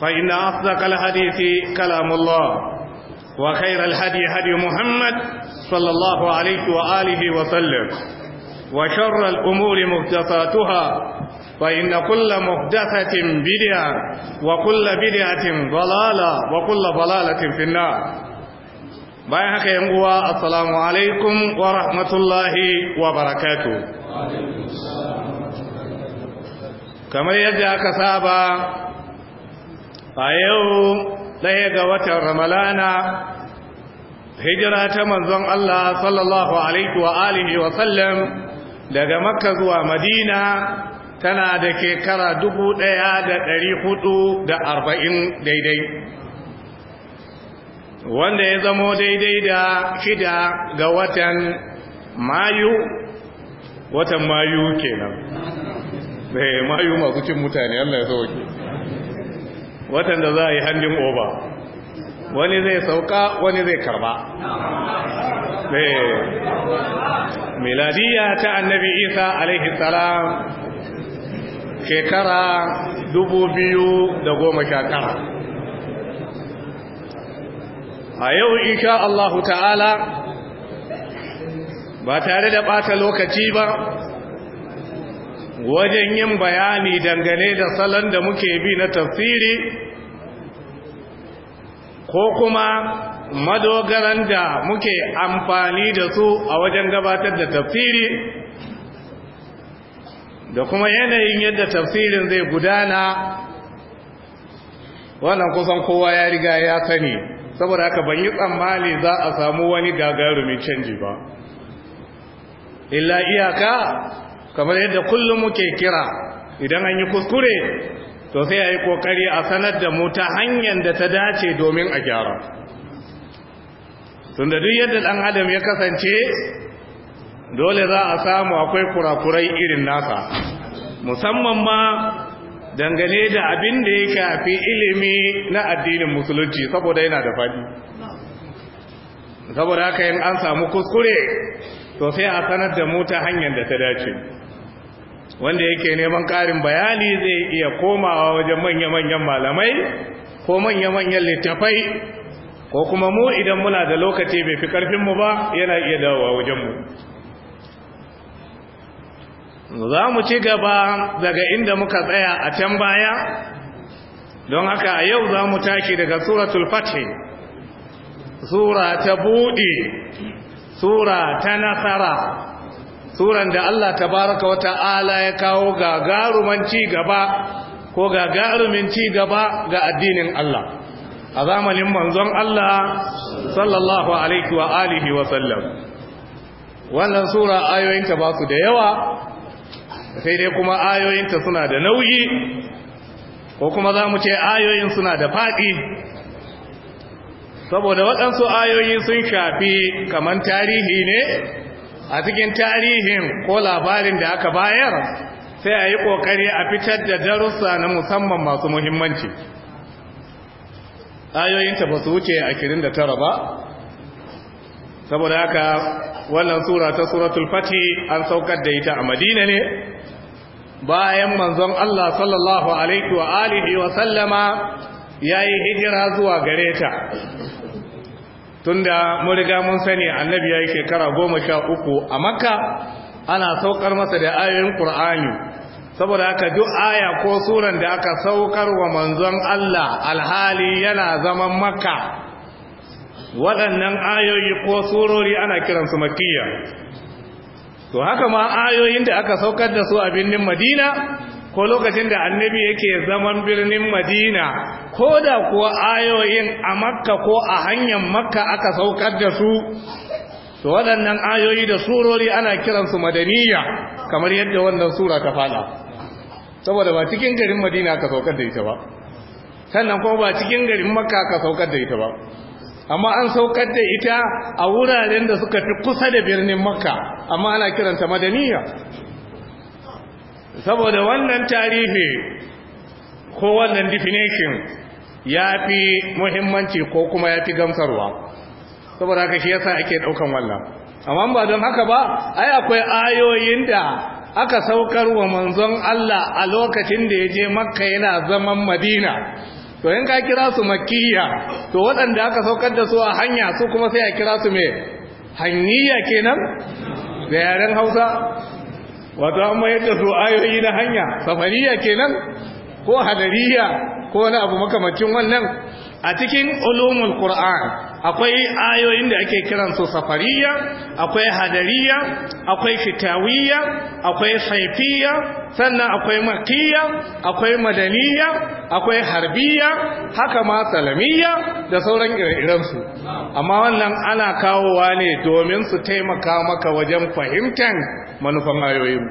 فإن أصدق الحديث كلام الله وخير الهدي هدي محمد صلى الله عليه وآله وسلم وشر الأمور محدثاتها فإن كل محدثة بدعة وكل بدعة ضلالة وكل ضلالة في النار بايحك ينقوى السلام عليكم ورحمة الله وبركاته كما يجعك سابا a yau ɗaya ga watan ramalana hijira ta manzon Allah sallallahu alaihi wa alihi wa sallam daga makka zuwa madina tana da kekara dubu ɗaya da ɗari hudu da arba'in daidai wanda ya zamo daidai da shida ga watan mayu watan mayu kenan mai eh, mayu masu cin mutane Allah ya sauke waɗanda za a yi handin oba wani zai sauka wani zai karba eh, miladiya ta annabi isa alaihi salam shekara dubu biyu da goma sha a yau isha allahu ta'ala ba tare da ɓata lokaci ba wajen yin bayani dangane da salon da muke bi na tafsiri ko kuma madogaran da muke amfani da su a wajen gabatar da tafsiri da kuma yanayin yadda tafsirin zai gudana wannan kusan kowa ya riga ya sani saboda haka ban yi tsammani za a samu wani gagarumin canji ba illa iyaka kamar yadda kullum muke kira idan an yi kuskure to sai a yi kokari a sanar da mu ta hanyar da ta dace domin a gyara tun da duk yadda ɗan adam ya kasance dole za a samu akwai kurakurai irin nasa musamman ma dangane da abin da ya kafi ilimi na addinin musulunci saboda yana da faɗi saboda haka yin an samu kuskure to sai a sanar da mu ta hanyar da ta dace wanda yake neman ƙarin bayani zai iya komawa wajen manya-manyan malamai ko manya-manyan littafai ko kuma mu idan muna da lokaci bai fi ƙarfinmu ba yana iya dawowa wajenmu za mu ci gaba daga inda muka tsaya a can baya don haka a yau za mu taki daga suratul fatih sura ta buɗe sura ta nasara suran da Allah tabaraka Wata Ala ya kawo gagaruman ci gaba ko gagarumin ci gaba ga addinin Allah a zamanin manzon Allah sallallahu alaihi wa alihi wa sallam wannan sura ayoyinta ba su da yawa sai dai kuma ayoyinta suna da nauyi ko kuma za mu ce ayoyin suna da faɗi saboda waɗansu ayoyi sun shafi kaman tarihi ne a cikin tarihin ko labarin da aka bayar sai a yi ƙoƙari a fitar da darussa na musamman masu muhimmanci ayoyinta ba su wuce a kirin da tara ba saboda haka wannan sura ta suratul fati an saukar da ita a madina ne bayan manzon Allah sallallahu alaihi wa alihi wa sallama yayi hijira zuwa gareta. tunda mun riga mun sani annabi yayi shekara goma sha uku a makka ana saukar masa da ayoyin qur'ani saboda haka duk aya ko suran da aka saukar wa manzon Allah alhali yana zaman makka waɗannan ayoyi ko surori ana kiransu makkiya to haka ma ayoyin da aka saukar da su a birnin madina ko lokacin da annabi yake zaman birnin madina ko da kuwa ayoyin a makka ko a hanyar makka aka saukar da su to waɗannan ayoyi da surori ana kiransu madaniya kamar yadda wannan sura ta fada saboda ba cikin garin madina aka saukar da ita ba sannan kuma ba cikin garin makka aka saukar da ita ba amma an saukar da ita a wuraren da suka fi kusa da birnin makka amma ana kiranta madaniya saboda wannan tarihi ko wannan definition ya fi muhimmanci ko kuma ya fi gamsarwa saboda haka shi yasa ake daukan wannan amma ba don haka ba ai akwai ayoyin da aka saukar wa manzon Allah a lokacin da ya je makka yana zaman madina to in ka kira su makkiya to waɗanda aka saukar da su a hanya su kuma sai a kira su me hanyiya kenan da yaren hausa wato an mayar da su ayoyi na hanya safariya kenan ko hadariya ko wani abu makamacin wannan a cikin ulumul qur'an akwai ayoyin da ake kiran su safariya akwai hadariya akwai fitawiya akwai saifiya sannan akwai makiya akwai madaniya akwai harbiya haka ma salamiya da sauran ire su amma wannan ana kawowa ne domin su taimaka maka wajen fahimtar manufan ayoyin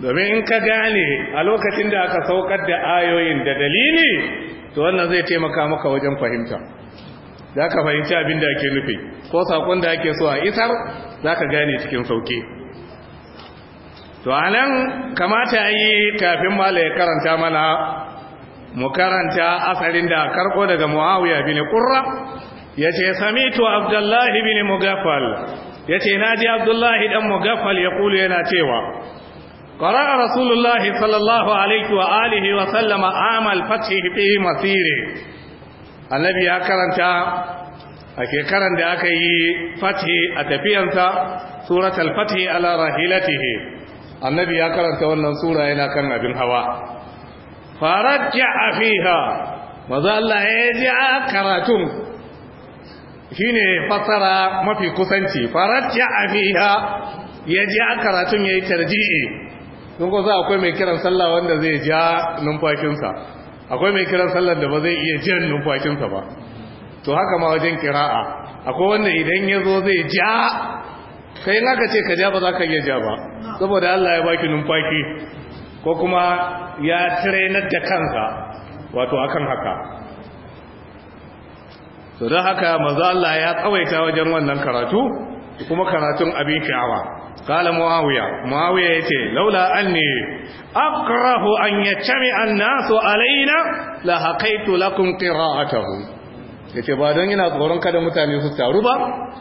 domin in ka gane a lokacin da aka saukar da ayoyin da dalili to wannan zai taimaka maka wajen fahimta za ka fahimci abin da ake nufi ko saƙon da ake so a isar za ka gane cikin sauƙi to a nan kamata yi kafin mala ya karanta mana mu karanta asalin da karko daga muawiya bin qurra sami to abdullahi bin mugaffal na ji abdullahi dan mugaffal ya kulu yana cewa قرأ رسول الله صلى الله عليه وآله وسلم عام الفتح في مسيره النبي يا كرنتا ake karan da aka yi fathi a tafiyansa surat al-fathi ala annabi ya karanta wannan sura yana kan abin hawa Allah ya shine fasara mafi kusanci farajja fiha ya ji a karatun yayi tarji'i sun kusa akwai mai kiran sallah wanda zai ja numfashinsa akwai mai kiran sallah da ba zai iya jan numfashinsa ba to haka ma wajen A. akwai wanda idan ya zo zai ja kai in aka ce ka ja ba za ka iya ja ba saboda Allah ya baki numfashi ko kuma ya trainar da kansa wato akan haka to don haka maza Allah ya tsawaita wajen wannan karatu kuma karatun abin sha'awa kala muawiya muawiya yace laula anni akrahu an yajmi an-nasu alaina la haqaitu lakum qira'atahu yace ba don yana tsoron kada mutane su taru ba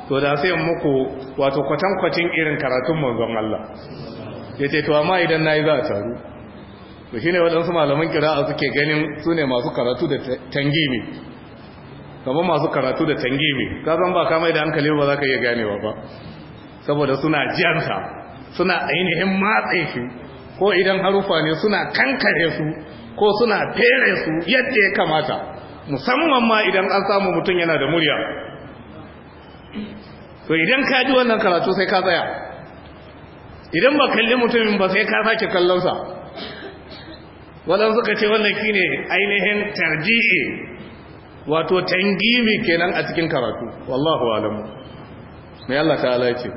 to da sai muku wato kwatin irin karatun manzon Allah yace to amma idan nayi za a taru to shine waɗansu malaman kira'a suke ganin sune masu karatu da tangimi kamar masu karatu da tangimi ka san ba kamar da hankali ba za ka iya ganewa ba saboda suna jiyarsa suna ainihin matse shi ko idan harufa ne suna kankare su ko suna fere su yadda ya kamata musamman ma idan an samu mutum yana da murya to idan ka ji wannan karatu sai ka tsaya idan ba kalli mutumin ba sai ka sake kallonsa waɗansu ka ce wannan shine ainihin tarji'i wato tangimi kenan a cikin karatu wallahu alamu mai Allah ta alaƙi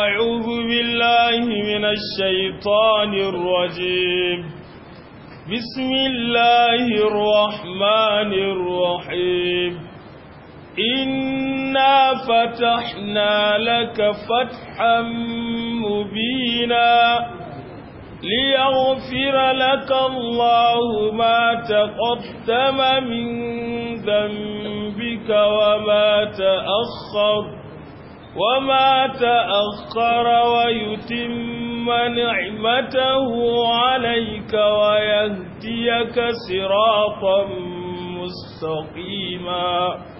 a'udhu billahi minash shaitanir rajim bismillahir rahmanir rahim inna fatahna laka fathan mubina ليغفر لك الله ما تقدم من ذنبك وما تأخر وما تأخر ويتم نعمته عليك ويهديك صراطا مستقيما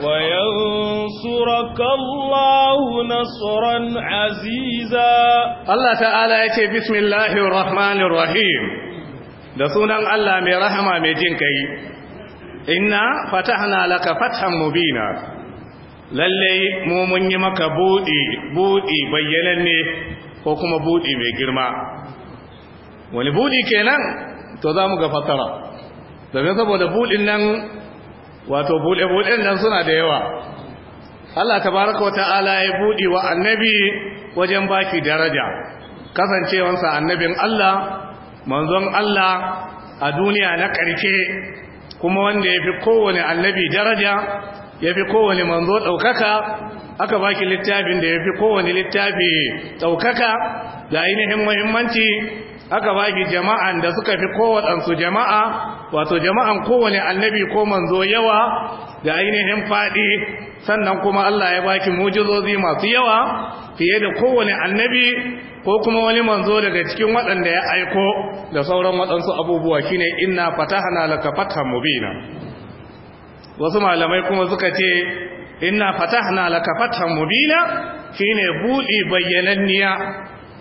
وينصرك الله نصرا عزيزا الله تعالى يتي بسم الله da sunan Allah mai rahma mai jin kai inna fatahna laka fathan mubina lalle mu mun yi maka buɗi buɗi bayyananne ko kuma buɗi mai girma wani buɗi kenan to za mu ga fatara domin saboda buɗin nan wato buɗe-buɗen nan suna da yawa Allah tabaraka wata'ala ya buɗe wa annabi wajen baki daraja kasancewansa annabin Allah manzon Allah a duniya na ƙarke kuma wanda ya fi kowane annabi daraja ya fi kowane manzo ɗaukaka aka baki littafin da ya fi kowane littafi ɗaukaka da ainihin muhimmanci aka ba shi jama'an da suka fi kowaɗansu jama'a wato jama'an kowane annabi ko manzo yawa da ainihin faɗi sannan kuma Allah ya baki mujizozi masu yawa fiye da kowane annabi ko kuma wani manzo daga cikin waɗanda ya aiko da sauran waɗansu abubuwa shine inna fatahna laka fathan mubina wasu malamai kuma suka ce inna fatahna laka fathan mubina shine buɗi bayyananniya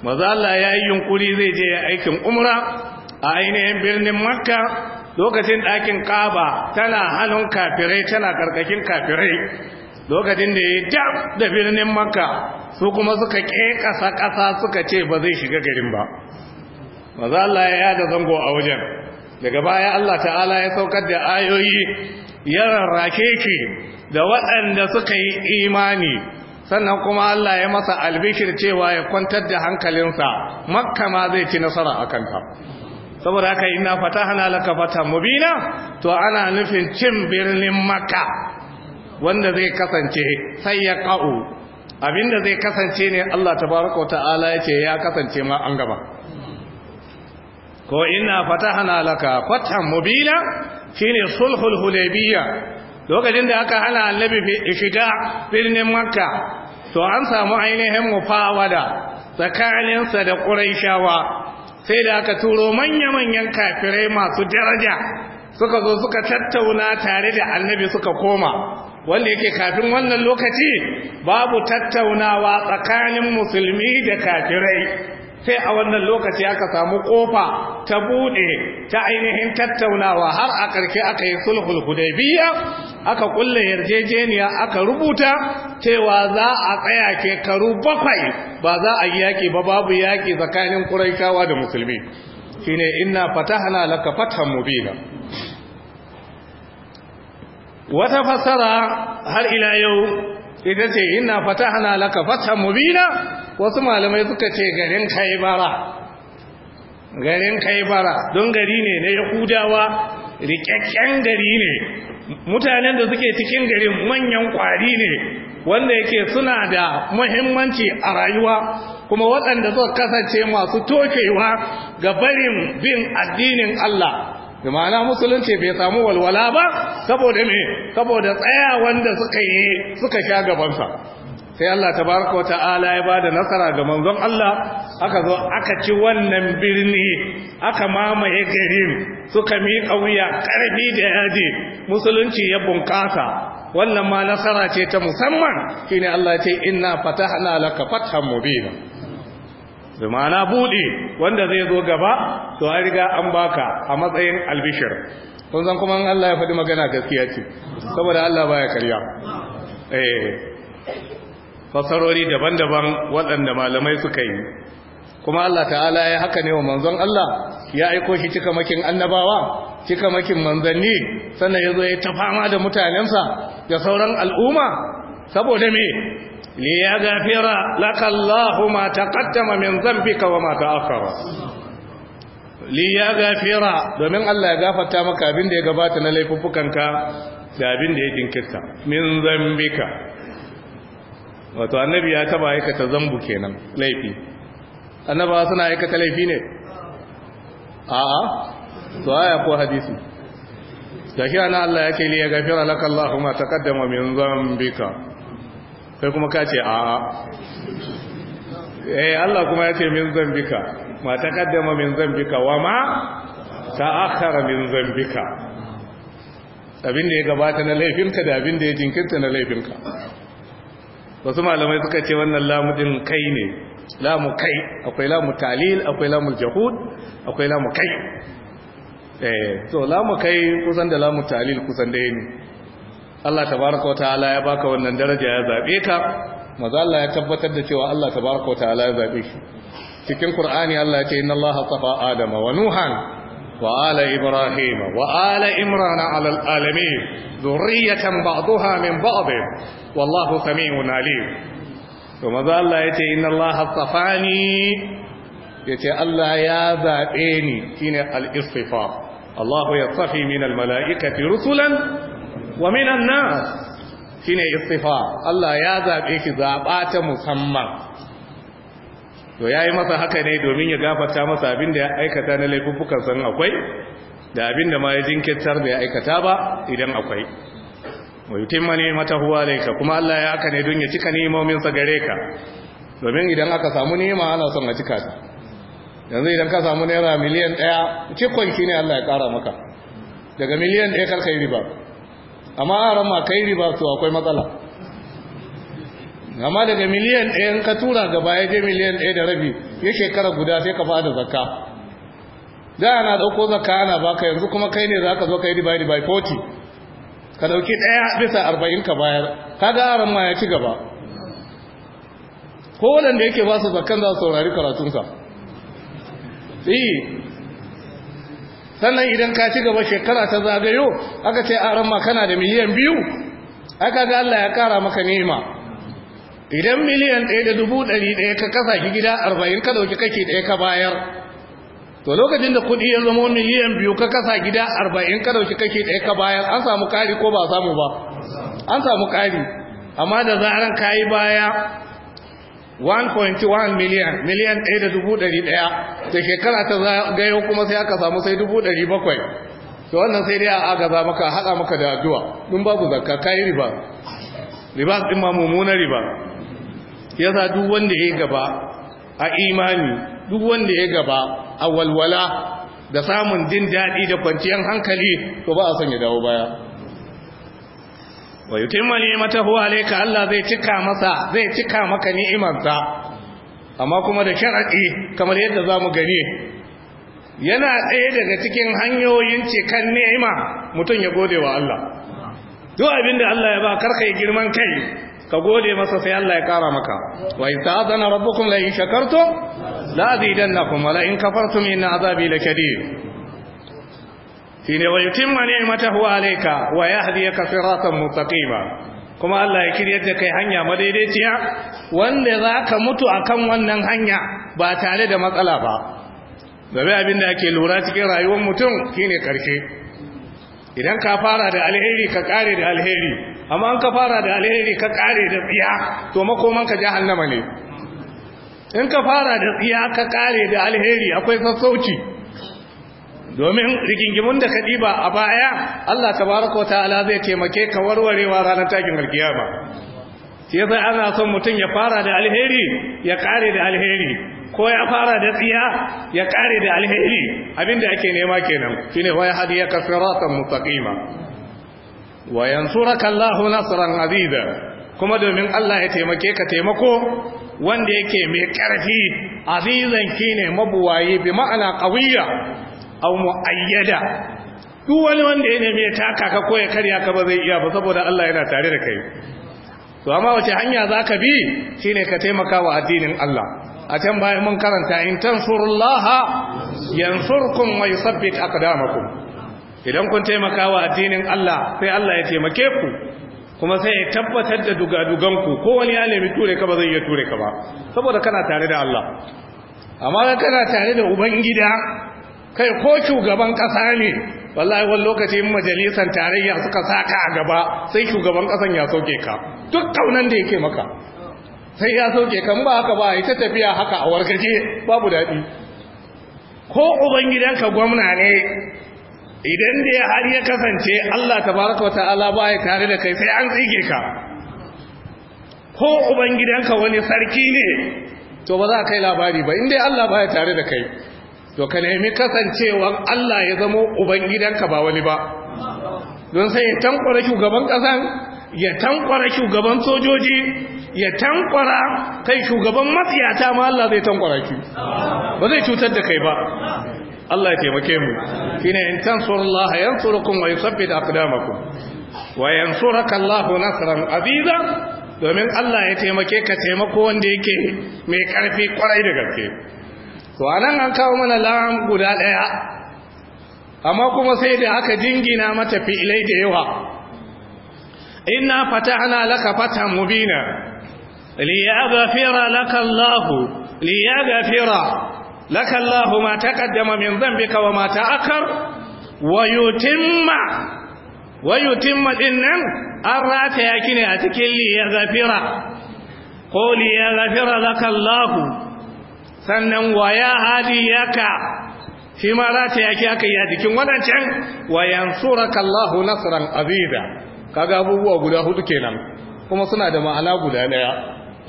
maza Allah ya yi yunkuri zai je aikin umra a ainihin birnin makka lokacin ɗakin ƙaba tana hannun kafirai tana ƙarƙashin kafirai lokacin da ya dab da birnin makka su kuma suka ƙe ƙasa ƙasa suka ce ba zai shiga garin ba maza Allah ya yada zango a wajen daga baya Allah ta'ala ya saukar da ayoyi ya rarrake shi da waɗanda suka yi imani sannan kuma Allah ya masa albishir cewa ya kwantar da hankalinsa makka ma zai ci nasara a kanka saboda haka ina fatahana laka fatan mubina to ana nufin cin birnin makka wanda zai kasance sai ya ka'u abinda zai kasance ne Allah tabaraka ta'ala yace ya kasance ma an gaba ko ina fatahana laka fatan mubina shine sulhul hudaybiyya lokacin da aka hana annabi shiga birnin makka to an samu ainihin mufawada tsakaninsa da ƙuraishawa sai da aka turo manya-manyan kafirai masu daraja suka zo suka tattauna tare da annabi suka koma wanda yake kafin wannan lokaci babu tattaunawa tsakanin musulmi da kafirai sai a wannan lokaci aka samu kofa ta bude ta ainihin tattaunawa har a ƙarshe aka yi sulhul hudaybiya aka kulle yarjejeniya aka rubuta cewa za a tsaya shekaru bakwai ba za a yi yaƙi ba babu yaƙi tsakanin kuraikawa da musulmi shine inna fatahna laka fathan mubina wata fassara har ila yau ita ce inna fatahna laka bi mubina wasu malamai suka ce garin kaibara garin kaibara don gari ne na yahudawa rikakken gari ne mutanen da suke cikin garin manyan kwari ne wanda yake suna da muhimmanci a rayuwa kuma waɗanda suka kasance masu tokewa ga barin bin addinin Allah da ma'ana musulunci bai samu walwala ba saboda me saboda tsaya wanda suka yi suka sha gabansa sai Allah tabaraka wata'ala ta'ala ya bada nasara ga manzon Allah aka zo aka ci wannan birni aka mamaye garin suka miƙa wuya ƙarfi da yaji musulunci ya bunƙasa wannan ma nasara ce ta musamman shine Allah ya ce inna fatahna laka fatham mubina Zumana buɗe wanda zai zo gaba to an riga an baka a matsayin albishir kun san kuma Allah ya faɗi magana gaskiya ce saboda Allah baya karya eh fasarori daban-daban waɗanda malamai suka yi kuma Allah ta'ala ya haka ne wa manzon Allah ya aiko shi cikamakin annabawa cikamakin manzanni sannan ya zo ya ta da mutanensa da sauran al'umma saboda me ليغفر لك الله ما تقدم من ذنبك وما تأخر ليغفر domin Allah ya gafarta maka abin da ya gabata na laifukanka da abin da ya jinkirta min zambika wato annabi ya taba aikata zambu kenan laifi annaba suna aikata laifi ne a'a to aya ko hadisi da kira Allah yake li gafira laka Allahu ma taqaddama min zambika kai kuma ka ce a'a eh Allah kuma ya ce min zambika ma taqaddama min zambika wa ma ta'akhkhara min zambika abin da ya gabata na laifinka da abin da ya jinkirta na laifinka wasu malamai suka ce wannan lamudin kai ne lamu kai akwai lamu talil akwai lamu jahud akwai lamu kai eh to lamu kai kusan da lamu talil kusan da ne Allah tabaraka wa ya baka wannan daraja ya zabe ka maza Allah ya tabbatar da cewa Allah tabaraka wa ya zabe shi cikin Qur'ani Allah ya ce inna Allah safa Adama wa Nuhan wa ala Ibrahim wa ala Imran ala alamin dhurriyatan ba'daha min ba'd wallahu samiun alim to maza Allah ya ce inna safani ya ce Allah ya zaɓe ni shine al al'istifa Allah ya tsafi min al-mala'ikati rusulan wa minan shi ne istifa Allah ya zaɓe ki zaɓa ta musamman to yi masa haka ne domin ya gafarta masa abin da ya aikata na laifukan san akwai da abin da ma ya jinkirtar da ya aikata ba idan akwai mata huwa ne ka? kuma Allah ya haka ne don ya cika ni'imomin sa gare ka domin idan aka samu nima ana son a cika ta yanzu idan ka samu naira miliyan ɗaya, cikon shi ne Allah ya kara maka daga miliyan 1 karka yi riba amma a rama kai riba to akwai matsala amma daga miliyan ɗaya ka tura gaba ya je miliyan ɗaya da rabi ya shekara guda sai ka bada zakka da ana ɗauko zakka ana baka yanzu kuma kai ne za ka zo ka yi riba riba 40 ka ɗauki ɗaya bisa arba'in ka bayar ka ga a ma ya ci gaba ko waɗanda yake ba su zakkan za su saurari karatunsa sannan idan ka ci gaba shekara ta zagayo aka ce a ma kana da miliyan biyu aka ga Allah ya kara maka nema idan miliyan ɗaya da dubu ɗari ɗaya ka kasa ki gida arba'in ka ɗauki kake ɗaya ka bayar to lokacin da kuɗi ya zama miliyan biyu ka kasa gida arba'in ka ɗauki kake ɗaya ka bayar an samu ƙari ko ba samu ba an samu ƙari amma da zaran ka yi baya 1.1 miliyan miliyan 1,100 da shekara ta gayo kuma sai aka samu sai 700 to wannan sai dai a agaza maka haɗa maka da addu'a ɗin babu zakka kayi riba riba ɗin ma mummunan riba ya sa duk wanda ya gaba a imani duk wanda ya gaba a walwala da samun jin daɗi da kwanciyar hankali to ba a son ya dawo baya wa yutimma ni'matahu alayka Allah zai cika masa zai cika maka ni'imarsa amma kuma da sharadi kamar yadda zamu gani yana ɗaya daga cikin hanyoyin cikan ni'ima mutum ya gode wa Allah duk abinda Allah ya ba karka yi girman kai ka gode masa sai Allah ya kara maka wa ista'adana rabbukum la in shakartum la azidannakum wa la in kafartum inna azabi lakadir shine wa yutimma ni'matahu alayka wa yahdiyaka siratan mustaqima kuma Allah ya kiryar da kai hanya madaidaiciya wanda zaka mutu akan wannan hanya ba tare da matsala ba gabe abin da ake lura cikin rayuwar mutum shine karshe idan ka fara da alheri ka kare da alheri amma an ka fara da alheri ka kare da tsiya to makoman ka jahannama ne in ka fara da tsiya ka kare da alheri akwai sassauci domin rigingimun da ka ɗiba a baya Allah tabaraka wata'ala zai taimake ka warwarewa ranar takin alkiyama shi yasa ana son mutum ya fara da alheri ya kare da alheri ko ya fara da tsiya ya kare da alheri abinda ake nema kenan shine wa yahdiyaka siratan mustaqima wa yansuraka Allahu nasran aziza kuma domin Allah ya taimake ka taimako wanda yake mai karfi azizan kine mabuwaye bi ma'ana qawiyya au muayyada duk wani wanda ya nemi ya taka ko ya karya ka ba zai iya ba saboda Allah yana tare da kai to amma wace hanya zaka bi shine ka taimaka wa addinin Allah a can bayan mun karanta in tansurullaha yansurkum wa yusabbit aqdamakum idan kun taimaka wa addinin Allah sai Allah ya taimake ku kuma sai ya tabbatar da dugaduganku ko wani ya nemi ture ka ba zai iya ture ka ba saboda kana tare da Allah amma kana tare da ubangida kai ko shugaban ƙasa ne wallahi wani lokaci yin majalisar tarayya suka sa ka a gaba sai shugaban ƙasan ya soke ka duk kaunan da yake maka sai ya soke kan ba haka ba ita tafiya haka a warkace babu daɗi ko ubangidanka gwamna ne idan da ya har ya kasance Allah Ta wata ala ba ya tare da kai sai an tsige ka ko ubangidanka wani sarki ne to ba za a kai labari ba inda Allah ba ya tare da kai to ka nemi kasancewar Allah ya zama ka ba wani ba don sai ya tankwara shugaban ƙasan ya tankwara shugaban sojoji ya tankwara kai shugaban masiyata ma Allah zai tankwara ki ba zai cutar da kai ba Allah ya taimake mu shine in tansurullaha yansurukum wa yuthabbit aqdamakum wa yansuraka Allahu nasran aziza domin Allah ya taimake ka taimako wanda yake mai karfi kwarai da gaske to anan an kawo mana lam guda daya amma kuma sai da aka jingina mata fi'ilai da yawa inna fatahna laka fatahan mubina liyaghfira laka Allah liyaghfira laka Allah ma taqaddama min dhanbika wa ma ta'akhkar wa yutimma wa yutimma dinnan an rataya kine a cikin liyaghfira ko liyaghfira laka Allah sannan waya hadi ka shi ma za ta yaki aka yi a jikin wadancan wayan suraka Allahu nasran azida kaga abubuwa guda hudu kenan kuma suna da ma'ana guda daya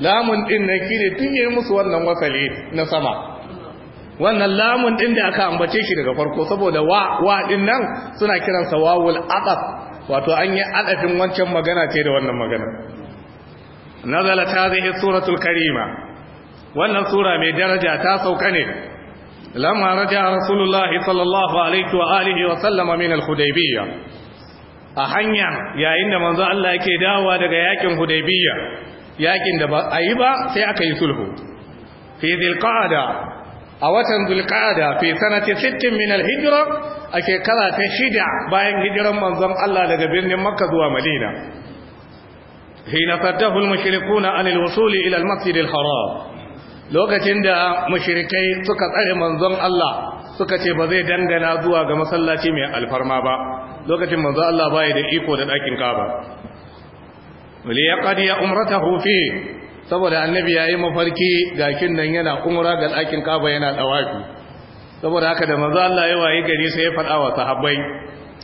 lamun din ne kire yi musu wannan wasali na sama wannan lamun din da aka ambace shi daga farko saboda wa wa din nan suna kiransa wawul aqaf wato an yi adafin wancan magana ce da wannan magana nazalat hadhihi suratul karima wannan sura mai daraja ta sauka ne lamma raja rasulullah sallallahu alaihi wa alihi wa sallama min al-hudaybiyya a hanya yayin da manzo Allah yake dawowa daga yakin hudaybiyya yakin da ba a yi ba sai aka yi sulhu fi dhilqa'da a watan dhilqa'da fi sanati 60 min al-hijra a shekara ta shida bayan hijiran manzon Allah daga birnin Makka zuwa Madina hina fatahu al-mushrikuuna an al المشركون ila al-masjid al-haram lokacin da mashirikai suka tsare manzon Allah suka ce ba zai dangana zuwa ga masallaci mai alfarma ba lokacin manzon Allah baya da iko da ɗakin kaba. wali ya qadi ya umratahu hufi saboda annabi ya yi mafarki gakin nan yana umra ga ɗakin kaba yana dawafi saboda haka da manzon Allah ya wayi gari sai ya faɗa wa sahabbai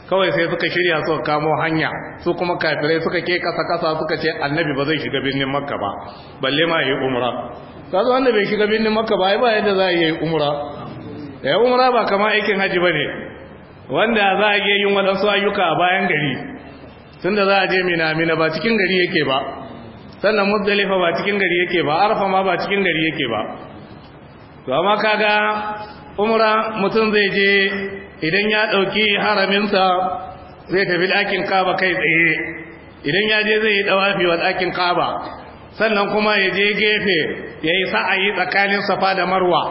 kawai sai suka shirya suka kamo hanya su kuma kafirai suka ke kasa kasa suka ce annabi ba zai shiga birnin makka ba balle ma yi umra kazo wanda bai shiga birnin makka ba ba yadda za a yi umura. ya eh, umura ba kama aikin haji ba ne. wanda za a iya yin wadansu ayyuka a bayan gari da za a je mina mina ba cikin gari yake ba sannan muzdalifa ba cikin gari yake ba arfa ma ba cikin gari yake ba to amma ga umura mutum zai je idan ya dauki haraminsa zai tafi ɗakin kaba kai tsaye idan ya je zai yi dawafi wa ɗakin kaba sannan kuma ya je gefe ya yi sa'ayi tsakanin safa da marwa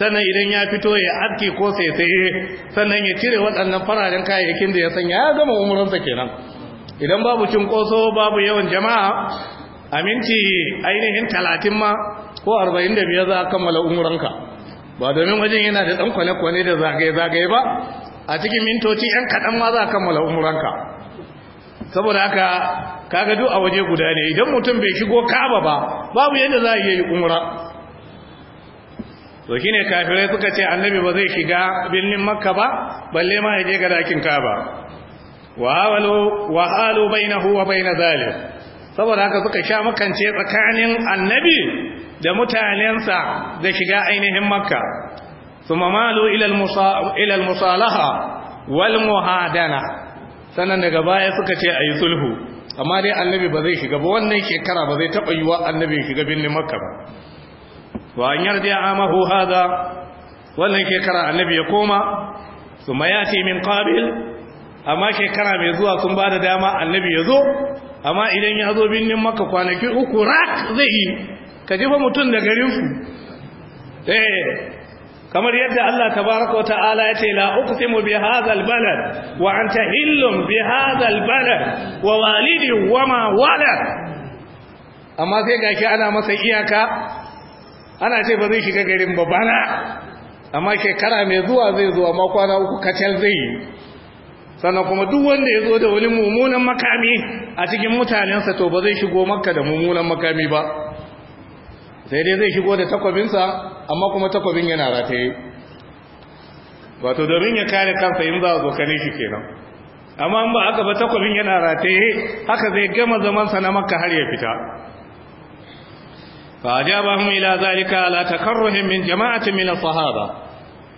sannan idan ya fito ya aski ko saisaye sannan ya cire waɗannan fararen kayayyakin da ya sanya ya gama umuransa kenan idan babu cinkoso babu yawan jama'a aminci ainihin talatin ma ko arba'in da biyar za a kammala umuranka ba domin wajen yana da ɗan kwane-kwane da zagaye-zagaye ba a cikin mintoci ‘yan kaɗan ma za a kammala umuranka saboda haka kaga duk a waje guda ne idan mutum bai shigo kaba ba babu yadda za a iya yi umra to shine kafirai suka ce annabi ba zai shiga birnin makka ba balle ma ya je ga dakin kaba wa halu bainahu wa bain zalim saboda haka suka sha makance tsakanin annabi da mutanensa da shiga ainihin makka thumma malu ila al-musalaha wal muhadana sannan daga baya suka ce ayi sulhu amma dai annabi ba zai shiga ba wannan shekara ba zai taɓa yiwa annabi shiga birnin makka ba wa an yarda ya amahu hada wannan shekara annabi ya koma su mayati min qabil amma shekara mai zuwa sun ba da dama annabi ya zo amma idan ya zo birnin makka kwanaki uku rak zai yi ka jefa mutum da garinsu eh kamar yadda Allah tabaraka wa ta'ala ya ce la uqsimu bi hadzal balad wa anta hillum bi hadzal balad wa walidi wa ma walad amma sai gashi ana masa iyaka ana ce ba zai shiga garin ba bana amma shekara mai zuwa zai zuwa amma kwana uku kacal zai sannan kuma duk wanda ya zo da wani mummunan makami a cikin mutanensa to ba zai shigo makka da mummunan makami ba sai dai zai shigo da takwabinsa amma kuma takwabin yana rataye wato domin ya kare kansa in za a zokane shi kenan amma ba aka ba takwabin yana rataye haka zai gama zamansa na makka har ya fita فأجابهم إلى ذلك على تكرهم من جماعة من الصحابة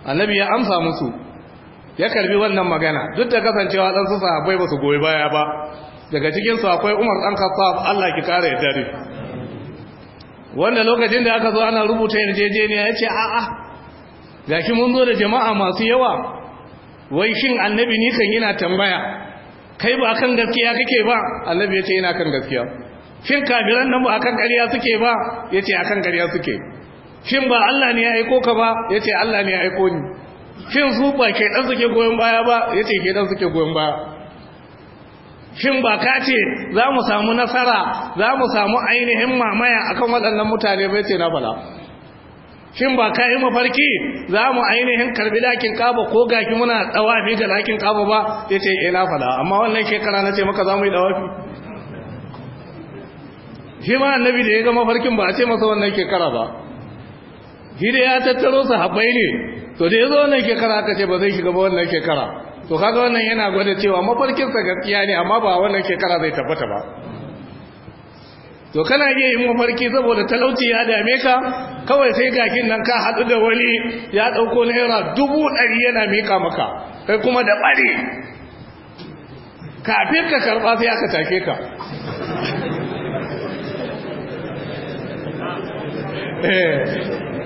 النبي sahaba annabi ya karbi wannan magana duk da kasancewa dan su sahabbai ba su goyi baya ba daga cikin su akwai Umar dan Khattab Allah ki kare ya dare wanda lokacin da aka zo ana rubuta yarjejeniya ya ce a'a shi mun zo da jama'a masu yawa wai shin annabi ni kan yana tambaya kai ba kan gaskiya kake ba annabi ya ce yana kan gaskiya shin kafiran nan ba akan ƙarya suke ba ya ce akan ƙarya suke shin ba Allah ne ya aiko ka ba ya ce Allah ne ya aiko ni shin su ba ke dan suke goyon baya ba ya ce ke dan suke goyon baya shin ba ka ce za mu samu nasara za mu samu ainihin mamaya akan waɗannan mutane bai ce na bala shin ba ka yi mafarki za mu ainihin karbi lakin kaba ko gaki muna ɗawafi ga lakin kaba ba ya ce ina eh, fada amma wannan shekara na ce maka za mu yi dawafi shi ma annabi da ya ga mafarkin ba a ce masa wannan shekara ba shi da ya tattaro haɓai ne to da ya zo wannan shekara aka ce ba zai shiga ba wannan shekara to kaga wannan yana gwada cewa sa gaskiya ne amma ba wannan shekara zai tabbata ba to kana iya yin mafarki saboda talauci ya dame ka kawai sai gakin nan ka haɗu da wani ya ɗauko naira dubu ɗari yana miƙa maka kai kuma da ɓari. kafin ka karɓa sai aka take ka eh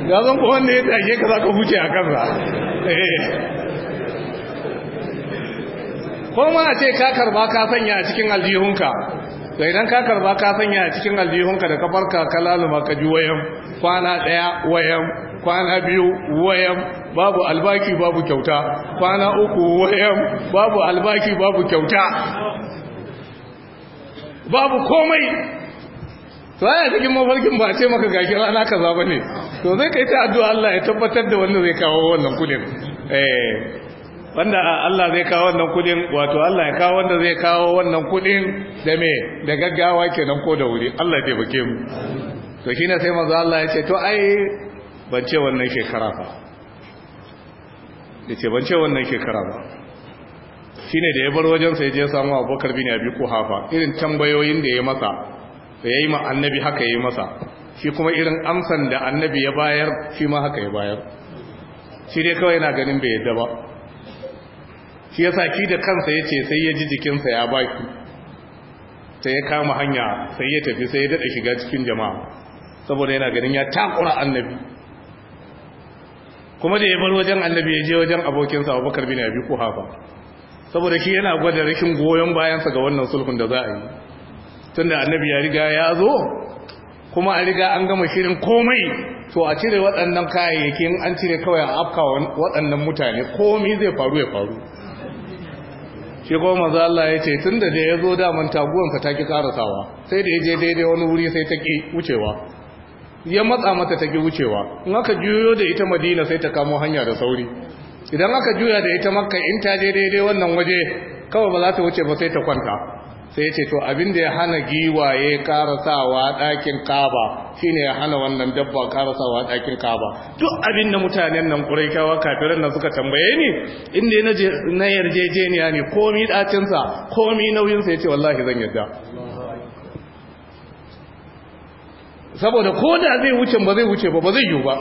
ga zan ko wanda ya take ka za ka huce a kansa eh. ko ma a ce ka karba ka sanya a cikin aljihunka da idan ka karba ka sanya a cikin aljihunka da kafarka ka laluma ka ji wayan kwana daya wayan kwana biyu wayan babu albaki babu kyauta kwana uku wayan babu albaki babu kyauta babu komai to ya cikin mafarkin ba ce maka gashi rana kaza bane to zai kai ta addu'a Allah ya tabbatar da wannan zai kawo wannan kudin eh wanda Allah zai kawo wannan kudin wato Allah ya kawo wanda zai kawo wannan kudin da me da gaggawa kenan ko da wuri Allah ya taimake mu to shine sai manzo Allah ya ce to ai ban ce wannan shekara ba yace ban ce wannan shekara ba shine da ya bar wajen sai je samu Abubakar bin Abi Kuhafa irin tambayoyin da ya masa da yayi ma annabi haka yayi masa shi kuma irin amsan da annabi ya bayar shi ma haka ya bayar shi dai kawai yana ganin bai yadda ba shi yasa ki da kansa yace sai ya ji jikinsa ya baki sai ya kama hanya sai ya tafi sai ya dade shiga cikin jama'a saboda yana ganin ya takura annabi kuma da ya bar wajen annabi ya je wajen abokinsa Abubakar bin Abi Kuhafa saboda shi yana gwada rashin goyon bayansa ga wannan sulhun da za a yi tunda annabi ya riga ya zo kuma a riga an gama shirin komai to a cire waɗannan kayayyakin an cire kawai a afka waɗannan mutane komai zai faru ya faru shi goma za Allah ya ce tun da ya zo daman taguwansa ta ki karasawa sai da ya je daidai wani wuri sai ta ki wucewa ya matsa mata ta ki wucewa in aka juyo da ita Madina sai ta kamo hanya da sauri idan aka juya da ita Makka in ta je daidai wannan waje kawai ba za ta wuce ba sai ta kwanta sai ce to abin da ya hana giwaye karasawa ɗakin kaba shine ya hana wannan dabba karasawa ɗakin kaba duk abin da mutanen nan ƙuraikawa kafirin nan suka tambaye ni inda na yarjejeniya ne komi ɗacinsa komi nauyinsa ya ce wallahi zan yarda saboda ko da zai wuce ba zai wuce ba ba zai yiwu ba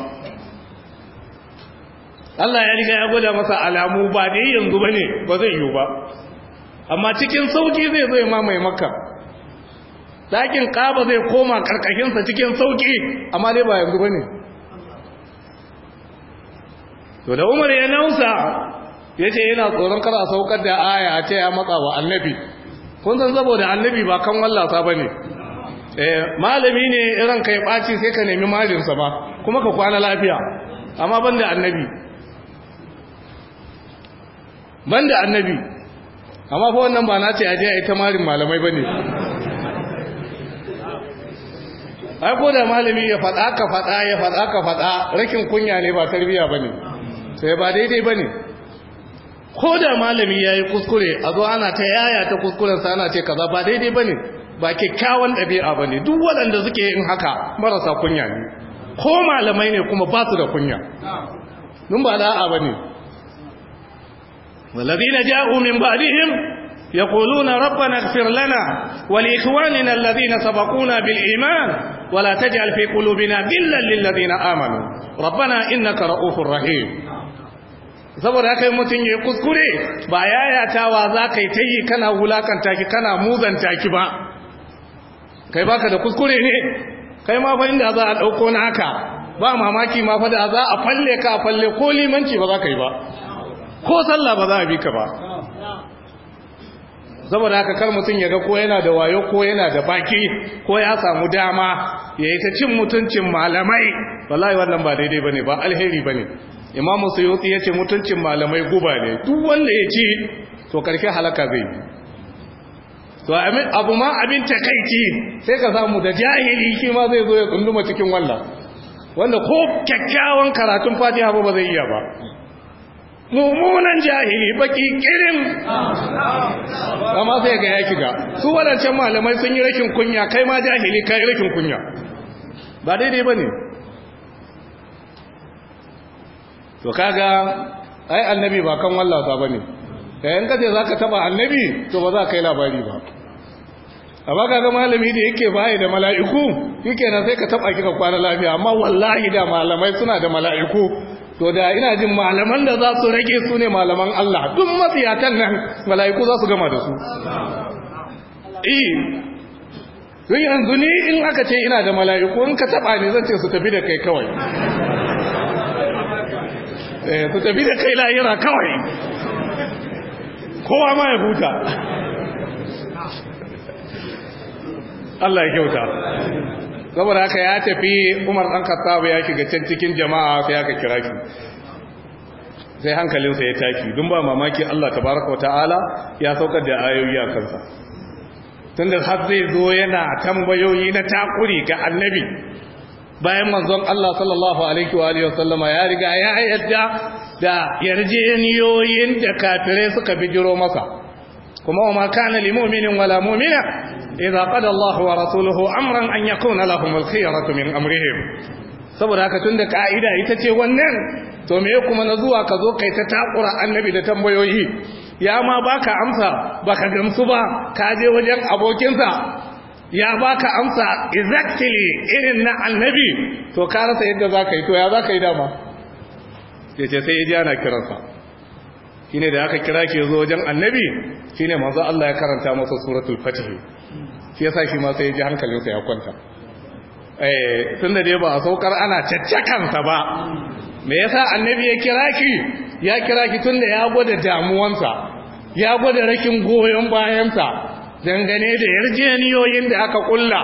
Allah ya riga ya gwada masa alamu ba dai yanzu ba ne ba zai yiwu ba amma cikin sauki zai zai mamaye maka ɗakin ƙaba zai koma ƙarƙashinsa cikin sauki amma dai ba yanzu ba ne to da umar ya nausa ya ce yana tsoron kar a saukar da aya a ce ya matsa wa annabi kun san saboda annabi ba kan wallasa ba ne eh, malami ne irin kai ɓaci sai ka nemi malinsa ba kuma ka kwana lafiya amma ban annabi ban da annabi amma fa wannan ba na ce a je a yi tamarin malamai ba ne ai ko da malami ya faɗa ka faɗa ya faɗa ka faɗa rakin kunya ne ba tarbiya ba sai ba daidai ba ne ko da malami ya yi kuskure a zo ana ta yaya ta kuskurensa ana ce kaza ba daidai ba ne ba kyakkyawan ɗabi'a ba ne duk waɗanda suke yin haka marasa kunya ne ko malamai ne kuma ba su da kunya nun ba da'a ba ne والذين جاءوا من بعدهم يقولون ربنا اغفر لنا ولإخواننا الذين سبقونا بالإيمان ولا تجعل في قلوبنا غلا للذين آمنوا ربنا إنك رؤوف رحيم saboda haka mutum ya kuskure ba yayatawa za ka yi ta yi kana wulakanta ki kana muzanta ki ba kai baka da kuskure ne kai ma fahimta za a ɗauko naka ba mamaki ma fa da za a falle ka a falle ko limanci ba za ka yi ba ko sallah ba za a bi ka ba saboda haka kar mutum ya ga ko yana da wayo ko yana da baki ko ya samu dama ya yi ta cin mutuncin malamai wallahi wannan ba daidai bane ba alheri bane imamu suyuti yace mutuncin malamai guba ne duk wanda ya ci to karshe halaka zai yi to abu ma abin takaici sai ka samu da jahili shi ma zai zo ya tsunduma cikin wallah wanda ko kyakkyawan karatun fatiha ba zai iya ba mummunan jahili baki kirin amma sai ga ya kiga su wadancan malamai sun yi rashin kunya kai ma jahili kai rashin kunya ba daidai ba ne to kaga ai annabi ba kan wallata ba ne yayin kaje za ka taba annabi to ba za ka yi labari ba A baka ga malami da yake baya da mala'iku yake na sai ka taba kika kwana lafiya amma wallahi da malamai suna da mala'iku to da ina jin malaman da za su rage su ne malaman Allah duk matsiyatan nan mala'iku za su gama da su e, don yanzu ni in aka ce ina da mala'iku in ka taba ne zan ce su tafi da kai kawai eh, su tafi da kai lahira kawai kowa ma ya huta Allah ya kyauta saboda haka ya tafi umar ɗan kasabu ya shiga can cikin jama'a sai aka kira shi sai hankalinsa ya tafi dun ba mamaki Allah tabaraka wata'ala ya saukar da ayoyi a kansa tun da har zai zo yana tambayoyi na takuri ga annabi bayan manzon Allah sallallahu alaihi wa alihi wasallama ya riga ya yadda da yarjeniyoyin da kafirai suka bijiro masa kuma wa ma kana lil mu'minin wala mu'mina idza qada Allahu wa rasuluhu amran an yakuna al khiyaratu min amrihim saboda haka tunda ka'ida ita ce wannan to me kuma na zuwa ka zo kai ta takura annabi da tambayoyi ya ma baka amsa baka gamsu ba ka je wajen abokinsa ya baka amsa exactly irin na annabi to ka rasa yadda zaka yi to ya zaka yi dama yace sai ya ji ana kiransa shine da aka kira ke zo wajen annabi shine manzo Allah ya karanta masa suratul fatih shi yasa shi ma sai ya ji hankalinsa ya kwanta eh tunda dai ba a saukar ana caccakansa ba me yasa annabi ya kira ki ya kira ki tunda ya gwada damuwansa ya gwada rakin goyon bayansa dangane da yarjeniyoyin da aka kulla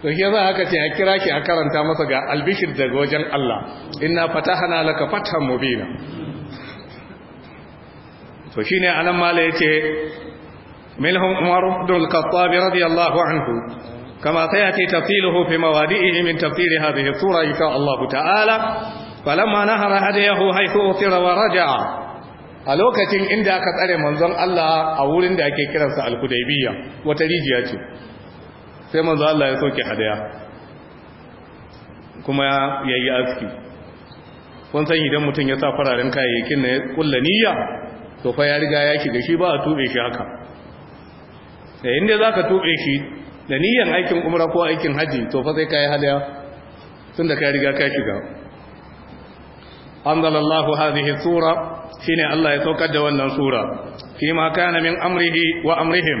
to shi za aka ce ya kira ki a karanta masa ga albishir daga wajen Allah inna fatahana laka fathan mubina to shine anan mala yace milhum umar ibn al-khattab radiyallahu anhu kama sayati tafsiluhu fi mawadi'ihi min tafsir hadhihi sura insha Allah ta'ala falamma nahara hadayahu haythu utira wa raja'a a lokacin inda aka tsare manzon Allah a wurin da ake kiransa al-Hudaybiyya wata rijiya ce sai manzon Allah ya soke hadaya kuma yayi aski kun san idan mutum ya sa fararen kayayyakin ne kullaniyya to fa ya riga ya shiga shi ba a tube shi haka da inda za ka tube shi da niyan aikin umra ko aikin haji to fa sai ka yi hadaya tun da ka riga ka shiga anzalallahu hadhihi sura shine Allah ya saukar da wannan sura fi ma kana min amrihi wa amrihim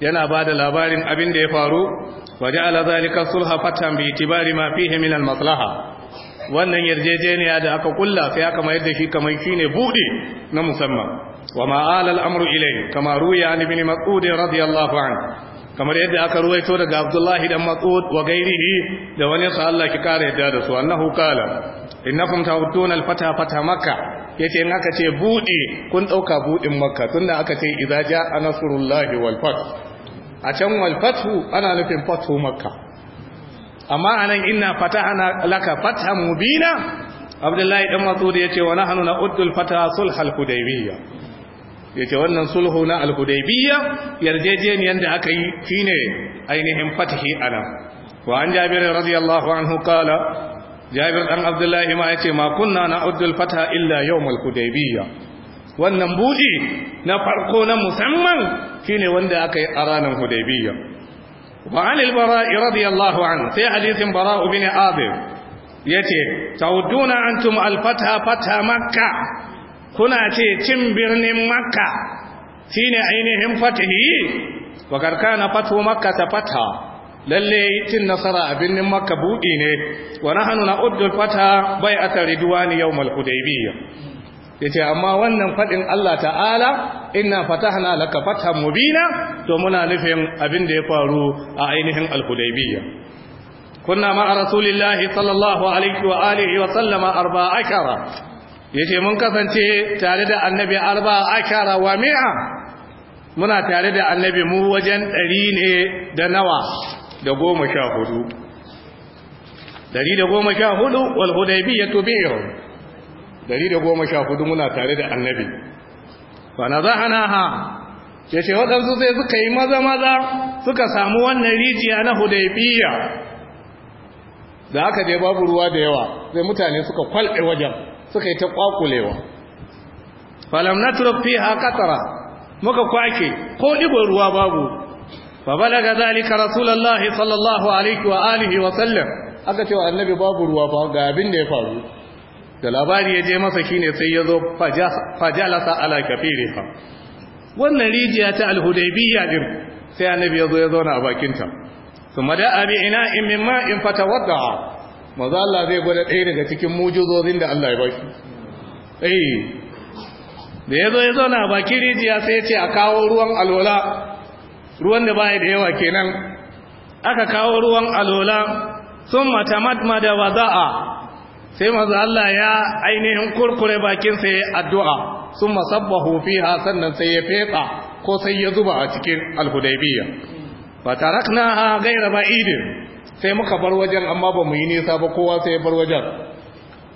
yana ba da labarin abin da ya faru waje ala zalika sulha fatan bi itibari ma fihi min al maslaha wannan yarjejeniya da aka kulla sai aka mayar da shi kamar shine buɗe na musamman wa ma'al al-amru ilayhi kama ruya an ibn mas'ud radiyallahu anhu kamar yadda aka ruwaito daga Abdullahi dan Mas'ud wa gairihi da wani sa Allah ki kare yadda da su annahu qala innakum ta'tuna al-fata fata makka yace in aka ce buɗe, kun dauka budin makka tunda aka ce idza ja'a nasrullahi wal fath a can wal fathu ana nufin fathu makka amma anan inna fatahna laka fathan mubina abdullahi dan masud yace wa nahnu na'uddul fata sulhal hudaybiyya yace wannan sulhu na al-hudaybiyya yarjejeniyan da aka yi shine ainihin fatahi ana wa an jabir radiyallahu anhu qala jabir dan abdullahi ma yace ma kunna na'uddul fata illa yawmal hudaybiyya wannan buɗi na farko na musamman shine wanda aka yi a ranar hudaybiyya وعن البراء رضي الله عنه في حديث براء بن عاظم يتي تودون أنتم الفتح فتح مكة كنا تيتم برن مكة حين عينهم فتحي وقد كان فتح مكة فتحا lalle cin nasara a birnin makka buɗi ne wa nahnu na'uddu al-fata bai'ata ridwani yawm al-hudaybiyya yace amma wannan fadin Allah ta'ala inna fatahna laka fathan mubina to muna nufin abin da ya faru a ainihin al-hudaybiyya kunna ma'a rasulillahi sallallahu alaihi wa alihi wa sallama arba'a ashara yace mun kasance tare da annabi arba'a ashara wa mi'a muna tare da annabi mu wajen 100 ne da nawa da 14 114 wal hudaybiyya bi'run 114 muna tare da annabi fana zahanaha ya ce waɗansu sai suka yi maza-maza suka samu wannan rijiya na hudaibiya da aka je babu ruwa da yawa sai mutane suka kwalɗe wajen suka yi ta kwakulewa falam na turafi katara muka kwake ko ɗigon ruwa babu fabalaga zalika rasulallahi sallallahu alaihi wa alihi wa sallam aka cewa annabi babu ruwa ba ga abin da ya faru da labari ya je masa shine sai ya zo fajalasa ala kafiriha wannan rijiya ta alhudaybiyya din sai annabi ya zo ya zauna a bakinta kuma da abi ina in min ma'in fatawadda maza Allah zai gwada ɗaya daga cikin mujizozin da Allah ya baki eh da ya zo ya zauna a bakin rijiya sai ya ce a kawo ruwan alwala ruwan da baya da yawa kenan aka kawo ruwan alwala sun matamad da waza'a sai manzo Allah ya ainihin kurkure bakinsa ya addu'a sun hufi ha sannan sai ya fetsa ko sai ya zuba a cikin alhudaibiyya ha gaira ba idin sai muka bar wajen amma ba mu yi nisa ba kowa sai ya bar wajen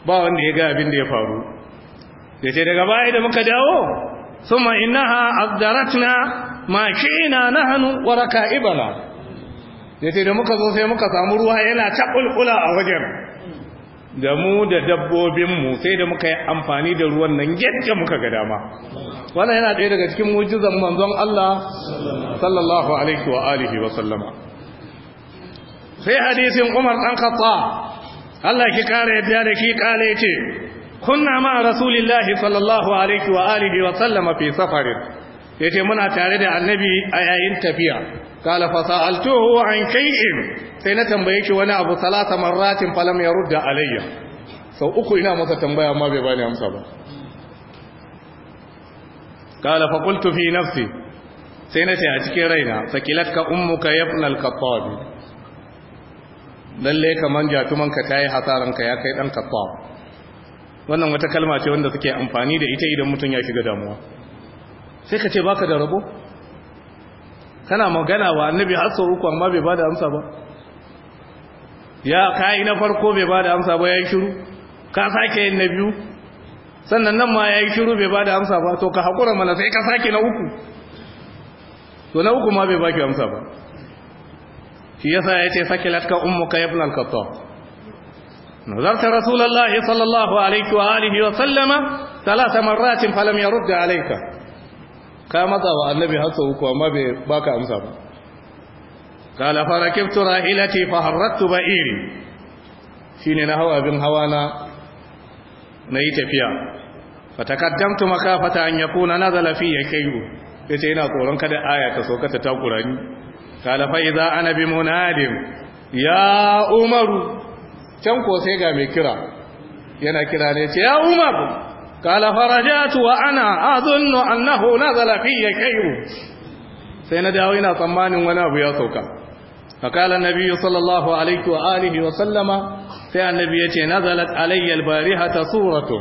ba wanda ya ga abin da ya faru ce daga baya da muka dawo ma summa innaha na ma ina na hannu waraka yace da muka zo sai muka samu ruwa yana ta a wajen da mu da dabbobinmu sai da muka yi amfani da ruwan nan yadda muka ga dama wannan yana ɗaya daga cikin mujizan manzon Allah sallallahu alaihi wa alihi wa sallama sai hadisin Umar dan Khatta Allah ki kare yadda da ki kale ce, kunna ma rasulillahi sallallahu alaihi wa alihi wa sallama fi safarin yace muna tare da annabi a yayin tafiya قال فسألته عن شيء sai na tambaye shi wani abu salasa marratin falam yaruda, alayya sau uku ina masa tambaya amma bai bani amsa ba qala fa qultu fi nafsi sai na ce a cikin raina sakilatka ummuka yabna al-qattab lalle kaman jatuman ka tayi hasaranka ka ya kai dan qattab wannan wata kalma ce wanda suke amfani da ita idan mutum ya shiga damuwa sai ka ce baka da rabo tana magana wa annabi har sau uku amma bai bada amsa ba ya kayi na farko bai bada amsa ba yi shiru ka sake yin na biyu sannan nan ma yi shiru bai bada amsa ba to ka hakura mana sai ka sake na uku to na uku ma bai baki amsa ba shi yasa yace sakilat ka ummuka ibn al-khattab نظرت رسول الله صلى الله عليه وآله وسلم ثلاث مرات فلم يرد عليك ka matsa wa annabi har sau uku amma bai baka amsa ba kala farakibtu rahilati fa harrattu ba'iri shine na hawa abin hawa na na yi tafiya fa takaddamtu makafata an yakuna nazala fi Ya yace ina tsoron kada aya ta sauka ta takura ni kala fa idza ana bi munadim ya umaru can ko sai ga mai kira yana kira ne ce ya umaru قال ana وانا اظن انه نزل في كير sai na dawo ina tsammanin wani abu ya sauka فقال النبي صلى الله عليه واله وسلم sai annabi yace nazalat alayya albarihata suratu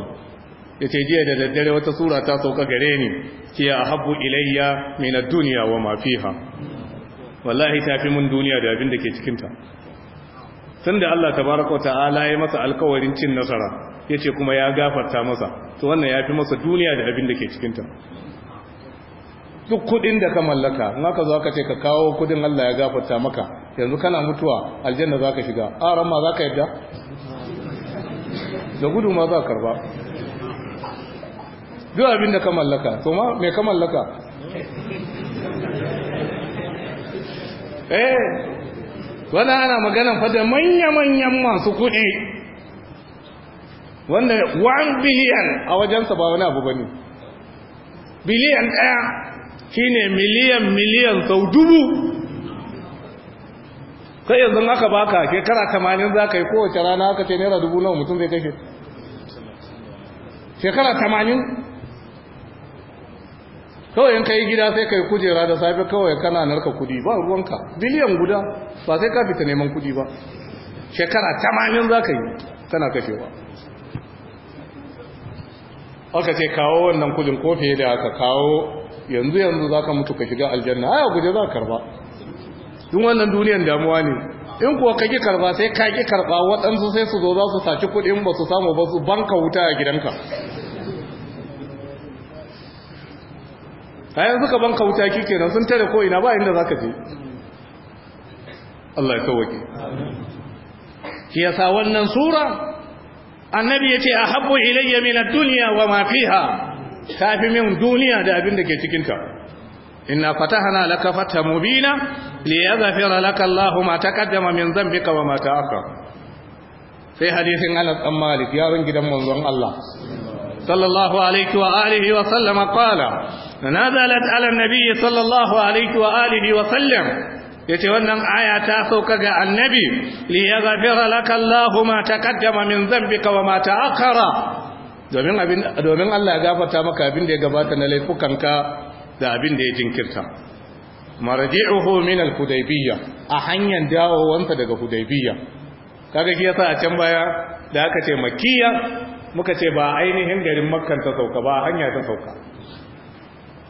yace jiya da daddare wata sura ta sauka gare ni ki ahabbu ilayya min ad-dunya wa ma fiha wallahi tafi mun duniya da abin da ke cikinta. ta tunda Allah tabaaraka ta'ala ya masa alƙawarin cin nasara yace kuma ya gafarta masa to wannan ya fi masa duniya da abin da ke cikin ta duk kudin da ka mallaka in aka zo aka ce ka kawo kudin Allah ya gafarta maka yanzu kana mutuwa aljanna za ka shiga aran ma ka yadda da gudu ma za karba duk abin da ka mallaka to ma me ka mallaka eh wannan ana maganan fadar manya-manyan masu kuɗi wanda 1 biliyan a wajensa ba wani abu bane biliyan ɗaya shine miliyan miliyan sau dubu sai yanzu aka baka shekara 80 za ka yi kowace rana aka ce naira dubu nawa mutum zai kashe shekara 80 kawai in kai gida sai kai kujera da safe kawai kana narka kudi ba ruwanka biliyan guda ba sai ka fita neman kudi ba shekara 80 za ka yi kana kashewa aka ce kawo wannan kudin ko fiye da aka kawo yanzu yanzu za ka mutu ka shiga aljanna haya guje za ka karba yin wannan duniyan damuwa ne in kuwa ka ki karba sai ka ki karba waɗansu sai su zo za su saki kudin ba su samu ba su banka wuta a gidanka a yanzu ka banka wuta ki nan sun tare ko ina ba inda za ka je Allah ya kawake shi yasa wannan sura annabi yace ahabbu ilayya min ad-dunya wa ma fiha kafi min duniya da abin da ke cikin ta inna fatahna laka fatha mubina liyaghfira laka Allahu ma taqaddama min dhanbika wa ma ta'akhkhara sai hadisin Anas bin Malik yaron gidan manzon Allah sallallahu alaihi wa alihi wa sallam qala نزلت على sallallahu alaihi wa alihi wa وسلم yace wannan aya ta sauka ga annabi li yaghfira laka Allahu ma taqaddama min dhanbika wa ma ta'akhkhara domin abin domin Allah ya gafarta maka abin da ya gabata na laifukanka da abin da ya jinkirta marji'uhu min al-hudaybiyya a hanyar dawowansa daga hudaybiyya kaga shi yasa a can baya da aka ce makkiya muka ce ba ainihin garin makkan ta sauka ba hanya ta sauka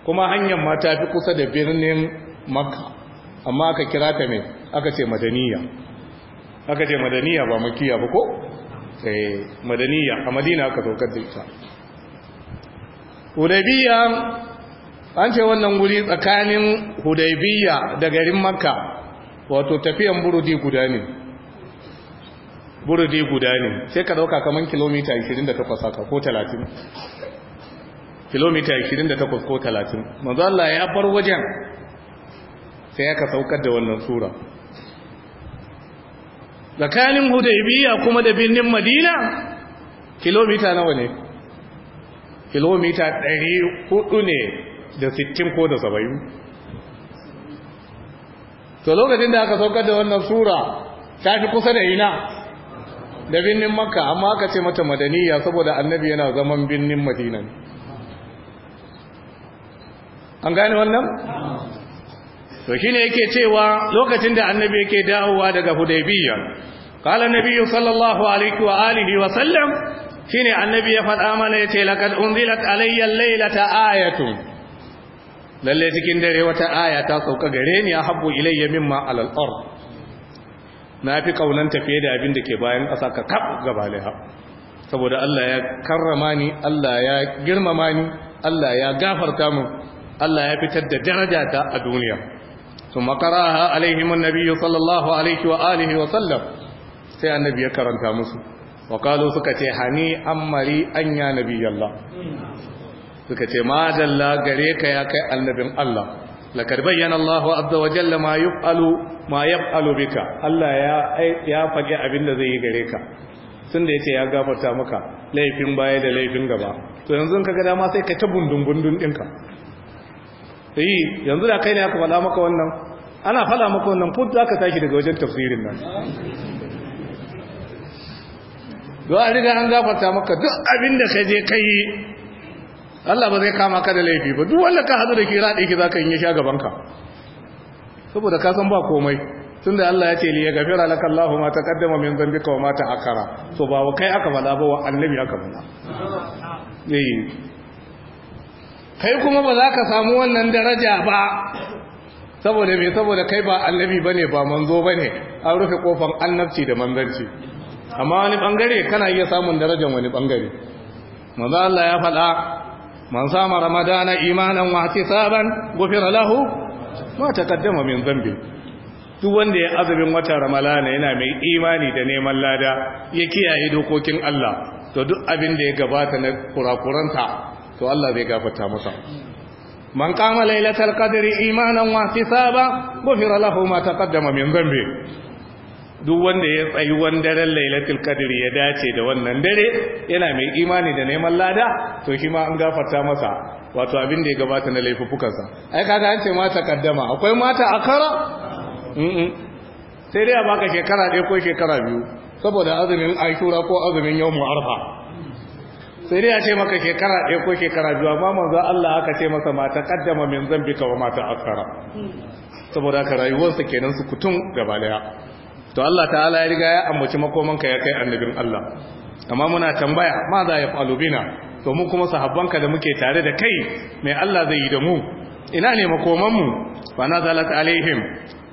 kuma hanyar ma ta fi kusa da birnin makka amma aka kira ta mai aka ce madaniya aka ce madaniya ba makiya ba ko sai eh, madaniya a madina aka saukar da ita hudaibiya an ce wannan guri tsakanin hudaibiya da garin makka wato tafiyan burudi guda ne burudi guda ne sai ka dauka kamar kilomita 28 haka ko 30 kilomita 28 ko 30 manzo Allah ya bar wajen sai aka saukar da wannan sura tsakanin hudaibiyya kuma da birnin madina kilomita nawa ne kilomita 400 ne da 60 ko da 70 to lokacin da aka saukar da wannan sura ta fi kusa da ina da birnin makka amma aka ce mata madaniya saboda annabi yana zaman birnin madina an gane wannan to shine yake cewa lokacin da annabi yake dawowa daga hudaybiya kala nabi sallallahu alaihi wa alihi wa sallam shine annabi ya faɗa mana ce laqad unzilat alayya laylata ayatu. lalle cikin dare wata aya ta sauka gare ni ya habbu ilayya mimma alal ard na fi kaunan tafiye da abin da ke bayan ƙasa ka kaf gaba saboda Allah ya karrama ni Allah ya girmama ni Allah ya gafarta mu Allah ya fitar da darajata a duniya ثم قرأها عليهم النبي صلى الله عليه وآله وسلم سي النبي يكرم تامسو وقالوا سكتي حني أمري أن يا نبي الله سكتي ما جل قريك يا كي النبي الله لقد بين الله عز وجل ما يفعل ما يفعل بك الله يا يا فجي بن ذي قريك sun da yace ya gafarta maka laifin baya da laifin gaba to yanzu kaga dama sai ka ta bundun bundun dinka yi eh, yanzu da kai ne aka fada maka wannan ana fada maka wannan fudu aka tashi daga wajen tafsirin nan zuwa riga an gafarta maka duk abin da ka je kai Allah ba zai kama ka da laifi ba duk wanda ka hadu da kira ɗaya za ka yi sha gabanka saboda ka san ba komai tun da Allah ya ce liya gafira laka Allahu ma ta kaddama min zambika wa ma akara so ba wa kai aka fada ba wa annabi aka fada eh. kai kuma ba za ka samu wannan daraja ba saboda me saboda kai ba annabi ne ba manzo ba ne, an rufe kofar annabci da manzanci amma wani bangare kana iya samun darajar wani bangare manzo Allah ya faɗa man sama ramadana imanan wa ihtisaban ghufira lahu ma taqaddama min dhanbi duk wanda ya azumin watan ramalana yana mai imani da neman lada ya kiyaye dokokin Allah to duk abin da ya gabata na kurakuranta to Allah zai gafarta masa man qama lailatul qadri imanan wa ihtisaba ghufira lahu ma taqaddama min dhanbi duk wanda ya tsayi wandaren lailatul qadri ya dace da wannan dare yana mai imani da neman lada to shi ma an gafarta masa wato abin da ya gabata na laifukansa ai kaga an ce mata kaddama akwai mata akara sai dai a baka shekara ɗaya ko shekara biyu saboda azumin ashura ko azumin yawmul arfa sai dai ya ce maka shekara ɗaya ko shekara biyu amma manzo Allah aka ce masa ma kaddama min zambika wa mata ta akara saboda haka rayuwarsa kenan su kutum gaba daya to Allah ta'ala ya riga ya ambaci makomanka ya kai annabin Allah amma muna tambaya ma za ya falu bina to mu kuma sahabbanka da muke tare da kai mai Allah zai yi da mu ina ne makomanmu fa nazalat alaihim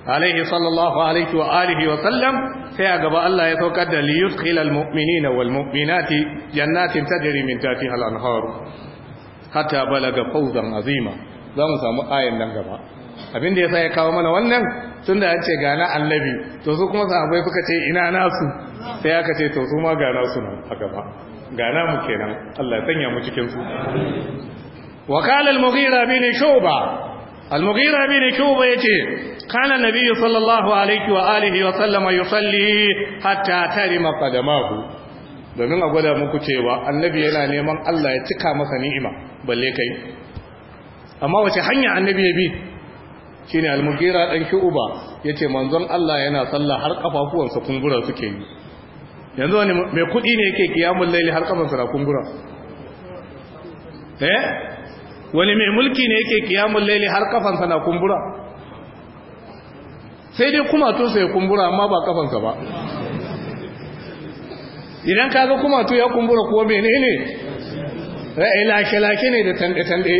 alaihi sallallahu alaihi wa alihi wa sallam sai a gaba Allah ya saukar da liyudkhil almu'minina wal mu'minati jannatin tajri min tahtiha al-anhar hatta balaga fawzan azima za mu samu nan gaba abin da sa ya kawo mana wannan da an ce ga na annabi to su kuma sahabbai suka ce ina nasu sai aka ce to su ma ga nasu nan a gaba ga mu kenan Allah ya sanya mu cikin su wa qala al-mughira bin shuba المغيرة بن شعبة كان النبي صلى الله عليه وآله وسلم يصلي حتى ترم قدماه domin a gwada muku cewa annabi yana neman Allah ya cika masa ni'ima balle kai amma wace hanya annabi ya bi shine al-mugira dan yace manzon Allah yana sallah har kafafuwansa kungura suke yi yanzu wani mai kudi ne yake kiyamul laili har kafansa kungura eh wani mai mulki ne yake kiyamun laili har kafansa na kumbura sai dai kumatunsa ya kumbura amma ba kafansa ba idan ka ga kumatu ya kumbura kuwa mene ne ra'ayi lake-lake ne da tanɗe-tanɗe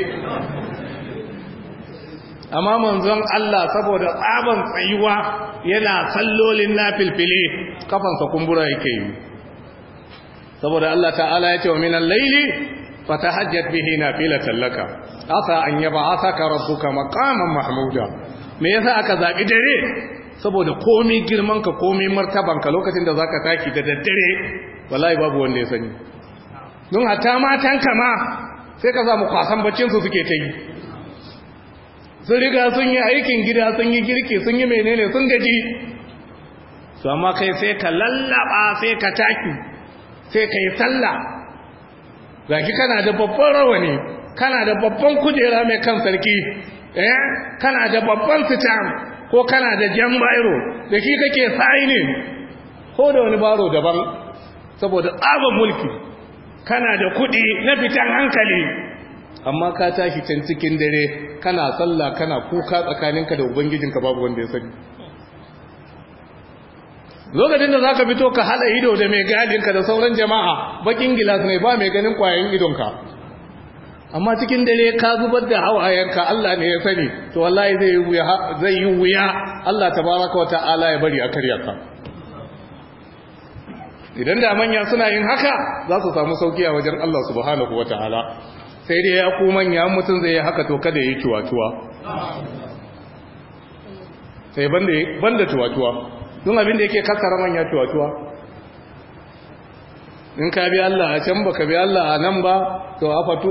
amma manzon Allah saboda tsaban tsayuwa yana sallolin na filfile kafansa kumbura yake yi saboda Allah ta'ala ya ce wa minan laili fatahajjat bihi nafilatan laka asa an yab'athaka rabbuka maqaman mahmuda me yasa aka zabi dare saboda komai girman ka komai martaban ka lokacin da zaka taki da daddare wallahi babu wanda ya sani don hatta matan ka ma sai ka samu kwasan baccin su suke ta yi sun riga sun yi aikin gida sun yi girki sun yi menene sun gaji su amma kai sai ka lallaba sai ka taki sai ka yi sallah zaki kana da babban rawani kana da babban kujera mai kan sarki eh? kana da babban sitam ko kana da jan bayro da shi kake ne? ko da wani baro daban saboda tsaban mulki kana da kuɗi na fitan hankali amma ka tashi can cikin dare kana sallah kana kuka tsakaninka da ubangijinka babu wanda ya sani lokacin da za ka fito ka haɗa ido da mai gadinka da sauran jama'a bakin gilas ne ba mai ganin kwayan idonka amma cikin dare ka zubar da hawayenka Allah ne ya sani to wallahi zai yi wuya zai ta wuya Allah tabaraka wata'ala ya bari a karyarka idan da manya suna yin haka za su samu sauki a wajen Allah subhanahu wata'ala sai dai ya ku manya mutum zai yi haka to kada yi tuwa-tuwa sai banda don abin da yake kakkara manya tuwa-tuwa in ka bi Allah a can ba ka bi Allah a nan ba to a fatu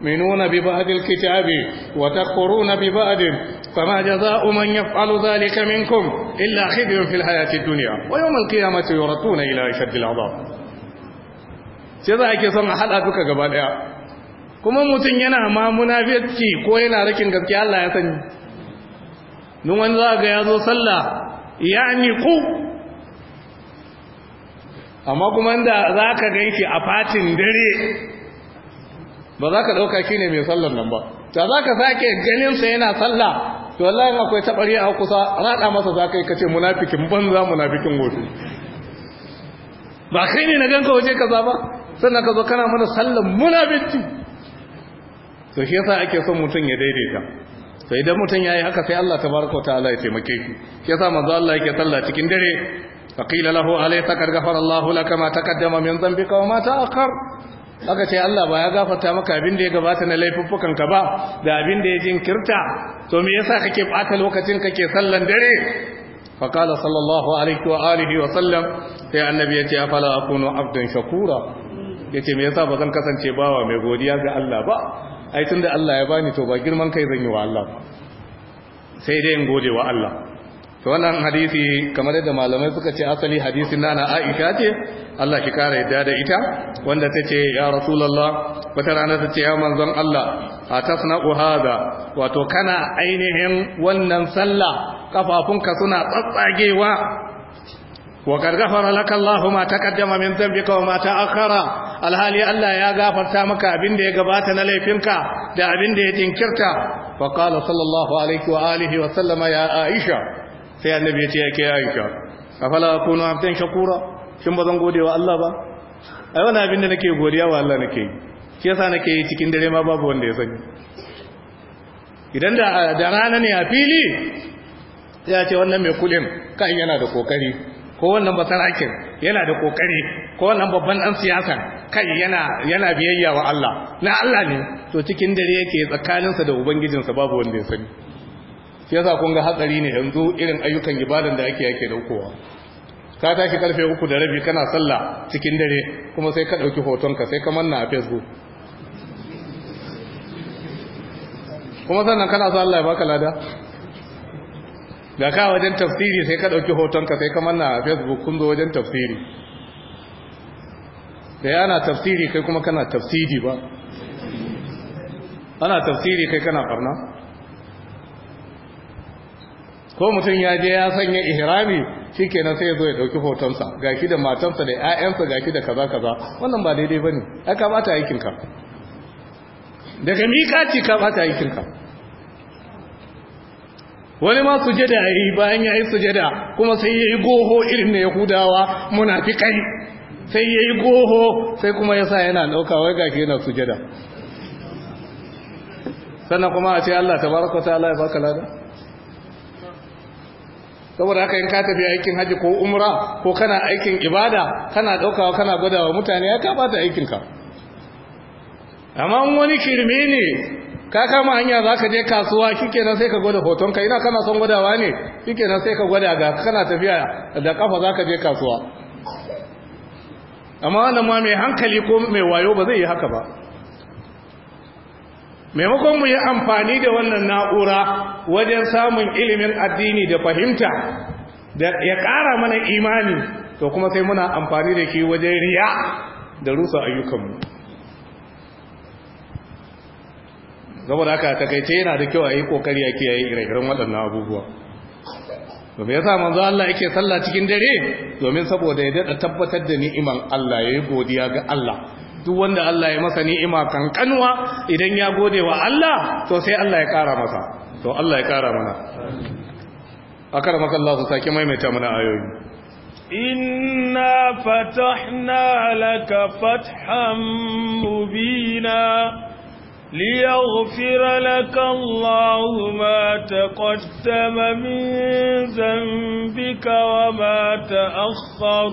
mai nuna bi ba'adil kitabi wa na bi ba'adin fama jaza'u man yaf'alu dhalika minkum illa khizyun fil hayati dunya wa yawm al qiyamati yuratuna ila ashaddil adab sai za a ke son a hada duka gaba daya kuma mutum yana ma munafiki ko yana rikin gaske Allah ya sani nun wani za ga ya zo sallah yani ku amma kuma da za ka ganki a fatin dare ba za ka ɗauka shi ne mai sallar nan ba ta za ka sake ganinsa yana sallah to wallahi akwai taɓari a kusa raɗa masa za ka kace munafikin banza munafikin gobe ba kai ne na ganka waje kaza ba sannan ka zo kana mana sallar munafici to shi yasa ake son mutum ya daidaita to idan mutum ya yi haka sai Allah Ta ta ta'ala ya taimake ku. ki yasa manzo Allah yake sallah cikin dare qila lahu alaysa qad ghafara Allahu laka ma taqaddama min dhanbika wa ma ta'akhkhar aka ce Allah ba ya gafarta maka abin da ya gabata na laifuffukan ka ba da abin da ya jinkirta to me yasa kake bata lokacin kake sallan dare sallallahu alaihi صلى wa sallam sai Annabi ya ce يتي أفلا akunu abdan shakura yace me yasa bazan kasance bawa mai godiya ga Allah ba ai tun da Allah ya bani to ba girman kai zan yi wa Allah sai dai in gode wa Allah to wannan hadisi kamar yadda malamai suka ce asali hadisin nana Aisha ce Allah ki kara yadda da ita wanda tace ya Rasulullah wata rana tace ya manzon Allah atasna'u hada wato kana ainihin wannan sallah kafafunka suna tsatsagewa وقد غفر لك الله ما تقدم من ذنبك وما تأخر الحالي الله يا غفر تامك أبن دي ya نليفنك دا أبن دي تنكرت فقال صلى الله عليه وآله وسلم يا آئشة سيا النبي تيك يا آئشة أفلا أكون عبدا شكورا shin ba zan gode wa Allah ba ai wani abin da nake godiya wa Allah nake yi shi yasa nake yi cikin dare ma babu wanda ya sani idan da rana ne a fili ya ce wannan mai kuɗin kan yana da kokari ko wannan basarakin yana da kokari ko wannan babban dan siyasa kai yana yana biyayya wa Allah na Allah ne to cikin dare yake tsakaninsa da ubangijinsa babu wanda ya sani shi yasa kun ga hatsari ne yanzu irin ayyukan ibadan da ake yake daukowa ka tashi karfe uku da rabi kana sallah cikin dare kuma sai ka dauki hotonka sai ka manna a facebook kuma sannan kana sallah Allah ya lada ga ka wajen tafsiri sai ka ɗauki hotonka sai kamar na facebook kun zo wajen tafsiri da yana tafsiri kai kuma kana tafsiri ba ana tafsiri kai kana farna ko mutum ya je ya sanya ihrami shikenan sai ya zo ya dauki hotonsa shi da matansa da ƴaƴansa shi da kaza kaza wannan ba daidai ba ne. ya bata aikinka. daga miƙaci ka bata aikinka. wani ma sujada yi bayan ya yayi sujada kuma sai ya yi goho irin na yahudawa munafikai sai ya yi goho sai kuma yasa yana dauka wai gashi yana sujada sannan kuma a ce Allah ta ta allah ya baka lada saboda haka in ka tafi aikin haji ko umra ko kana aikin ibada kana daukawa kana gwadawa mutane ya ka bata aikinka amma wani kirme ne ka kama hanya za ka je kasuwa kike nan sai ka gwada hoton ka ina kana son gwadawa ne kike nan sai ka gwada ga kana tafiya da kafa za ka je kasuwa amma wannan ma mai hankali ko mai wayo ba zai yi haka ba maimakon mu yi amfani da wannan na'ura wajen samun ilimin addini da fahimta da ya ƙara mana imani to kuma sai muna amfani da ke wajen riya da rusa ayyukanmu saboda haka takaice yana da kyau a yi kokari a kiyaye ire-iren waɗannan abubuwa domin yasa manzo Allah yake sallah cikin dare domin saboda ya dada tabbatar da ni'iman Allah ya yi godiya ga Allah duk wanda Allah ya masa ni'ima kankanwa idan ya gode wa Allah to sai Allah ya kara masa to Allah ya kara mana akaramaka Allah su sake maimaita mana ayoyi inna fatahna laka fathan mubina ليغفر لك الله ما تقدم من ذنبك وما تأخر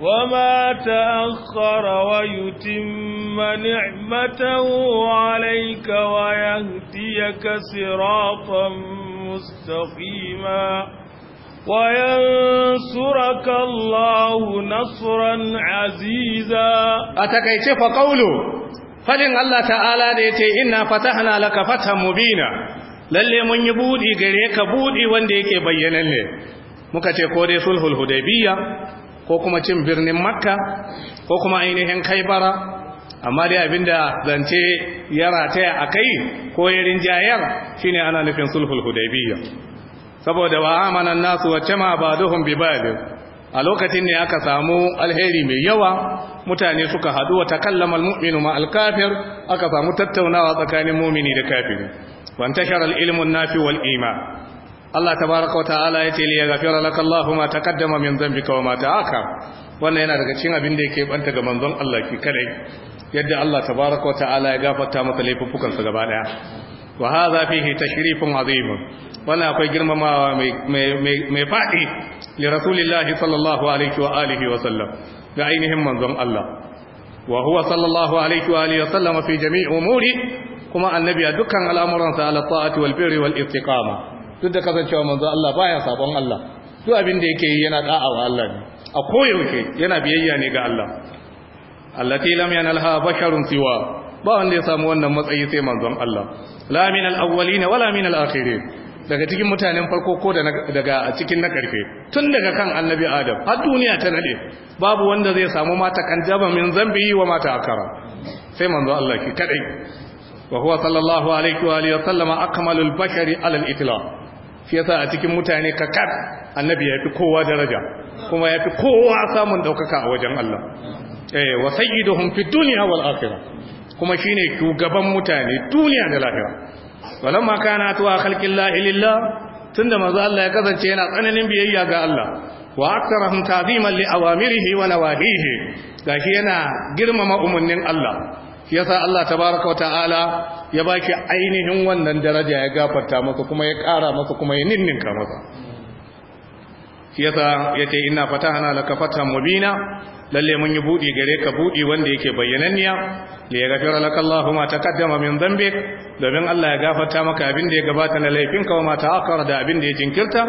وما تأخر ويتم نعمته عليك ويهديك صراطا مستقيما وينصرك الله نصرا عزيزا أتكيت فقوله fadin Allah ta'ala da ya ce inna fatahna laka bi mubina lalle mun yi budi gare ka budi wanda yake bayyananne muka ce ko dai sulhul hudaybiya ko kuma cin birnin makka ko kuma ainihin kaibara amma dai abinda zance ya rataya a kai ko ya rinjayar shine ana nufin sulhul hudaybiya saboda wa amanan nasu wacce ma ba duhun bibali a lokacin ne aka samu alheri mai yawa mutane suka haɗu wa takallama almu'minu ma alkafir aka samu tattaunawa tsakanin mumini da kafiri wa intashara alilmu an-nafi wal iman Allah tabaaraka wa ta'ala yace li yaghfira laka Allahu ma kaddama min dhanbika kawo ma haka. wannan yana daga cikin abin da yake banta ga manzon Allah ki kadai yadda Allah tabaaraka wa ta'ala ya gafarta masa laifukansa gaba ɗaya. wa hadha ta shirifin azim wannan akwai girmamawa mai mai fadi li rasulillahi sallallahu alaihi wa alihi wa sallam ga ainihin manzon Allah wa huwa sallallahu alaihi wa alihi sallama fi jami'i umuri kuma annabi a dukkan al'amuransa ala ta'ati wal birri wal istiqama duk da kasancewa manzon Allah baya sabon Allah duk abin da yake yi yana da'a wa Allah ne a koyaushe yana biyayya ne ga Allah allati lam yanalha basharun siwa ba wanda ya samu wannan matsayi sai manzon Allah la min al-awwalin wala min al-akhirin daga cikin mutanen farko ko daga cikin na karfe tun daga kan annabi adam har duniya ta nade babu wanda zai samu mata kanjaba min zambi wa mata akara sai manzo Allah ki kadai wa huwa sallallahu alaihi wa alihi sallama akmalul bashari ala al-itlaq shi yasa a cikin mutane kakar annabi yafi kowa daraja kuma yafi kowa samun daukaka a wajen Allah eh wa sayyiduhum fid dunya wal akhirah kuma shine shugaban mutane duniya da lahira walamma kana tuwa khalqillahi lillah tunda manzo Allah ya kasance yana tsananin biyayya ga Allah wa aktarahum ta'ziman li awamirihi wa nawahihi gashi yana girmama umarnin Allah shi yasa Allah tabaraka wa ta'ala ya baki ainihin wannan daraja ya gafarta maka kuma ya ƙara maka kuma ya ninninka maka shi yasa yace inna fatahna laka fatham mubina lalle mun yi buɗi gare ka buɗi wanda yake bayyananniya da ya gafira laka Allahu ma kaddama min zambe. domin Allah ya gafarta maka abin da ya gabata na laifinka wa ma ta'akkara da abin da ya jinkirta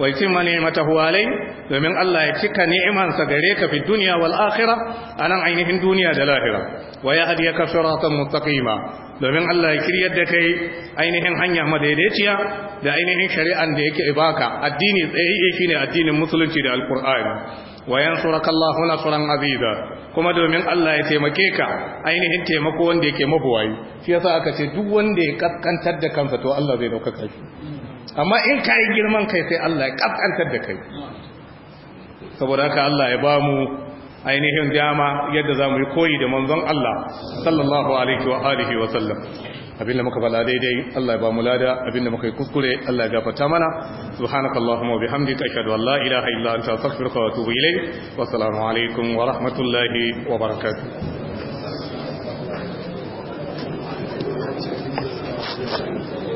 wa mani mata huwalai. domin Allah ya cika ni'imansa gare ka fi duniya wal a anan ainihin duniya da lahira wa ka siratan mustaqima domin Allah ya kiryar da kai ainihin hanya madaidaiciya da ainihin shari'an da yake baka addini tsaye shine addinin musulunci da alqur'ani wa yansuraka Allahu nasran aziza kuma domin Allah ya taimake ka ainihin taimako wanda yake mabuwayi shi yasa aka ce duk wanda ya kaskantar da kansa to Allah zai dauka shi amma in kai girman kai sai Allah ya kaskantar da kai saboda haka Allah ya ba mu. ainihin dama yadda za mu yi koyi da manzon Allah sallallahu alaihi wa alihi wa sallam abinda muka bala daidai Allah ya ba mu lada abinda muka yi kuskure Allah ya gafarta mana subhanakallahumma wa bihamdika ashhadu an la ilaha illa anta astaghfiruka wa atubu ilayk wa assalamu alaikum wa rahmatullahi wa barakatuh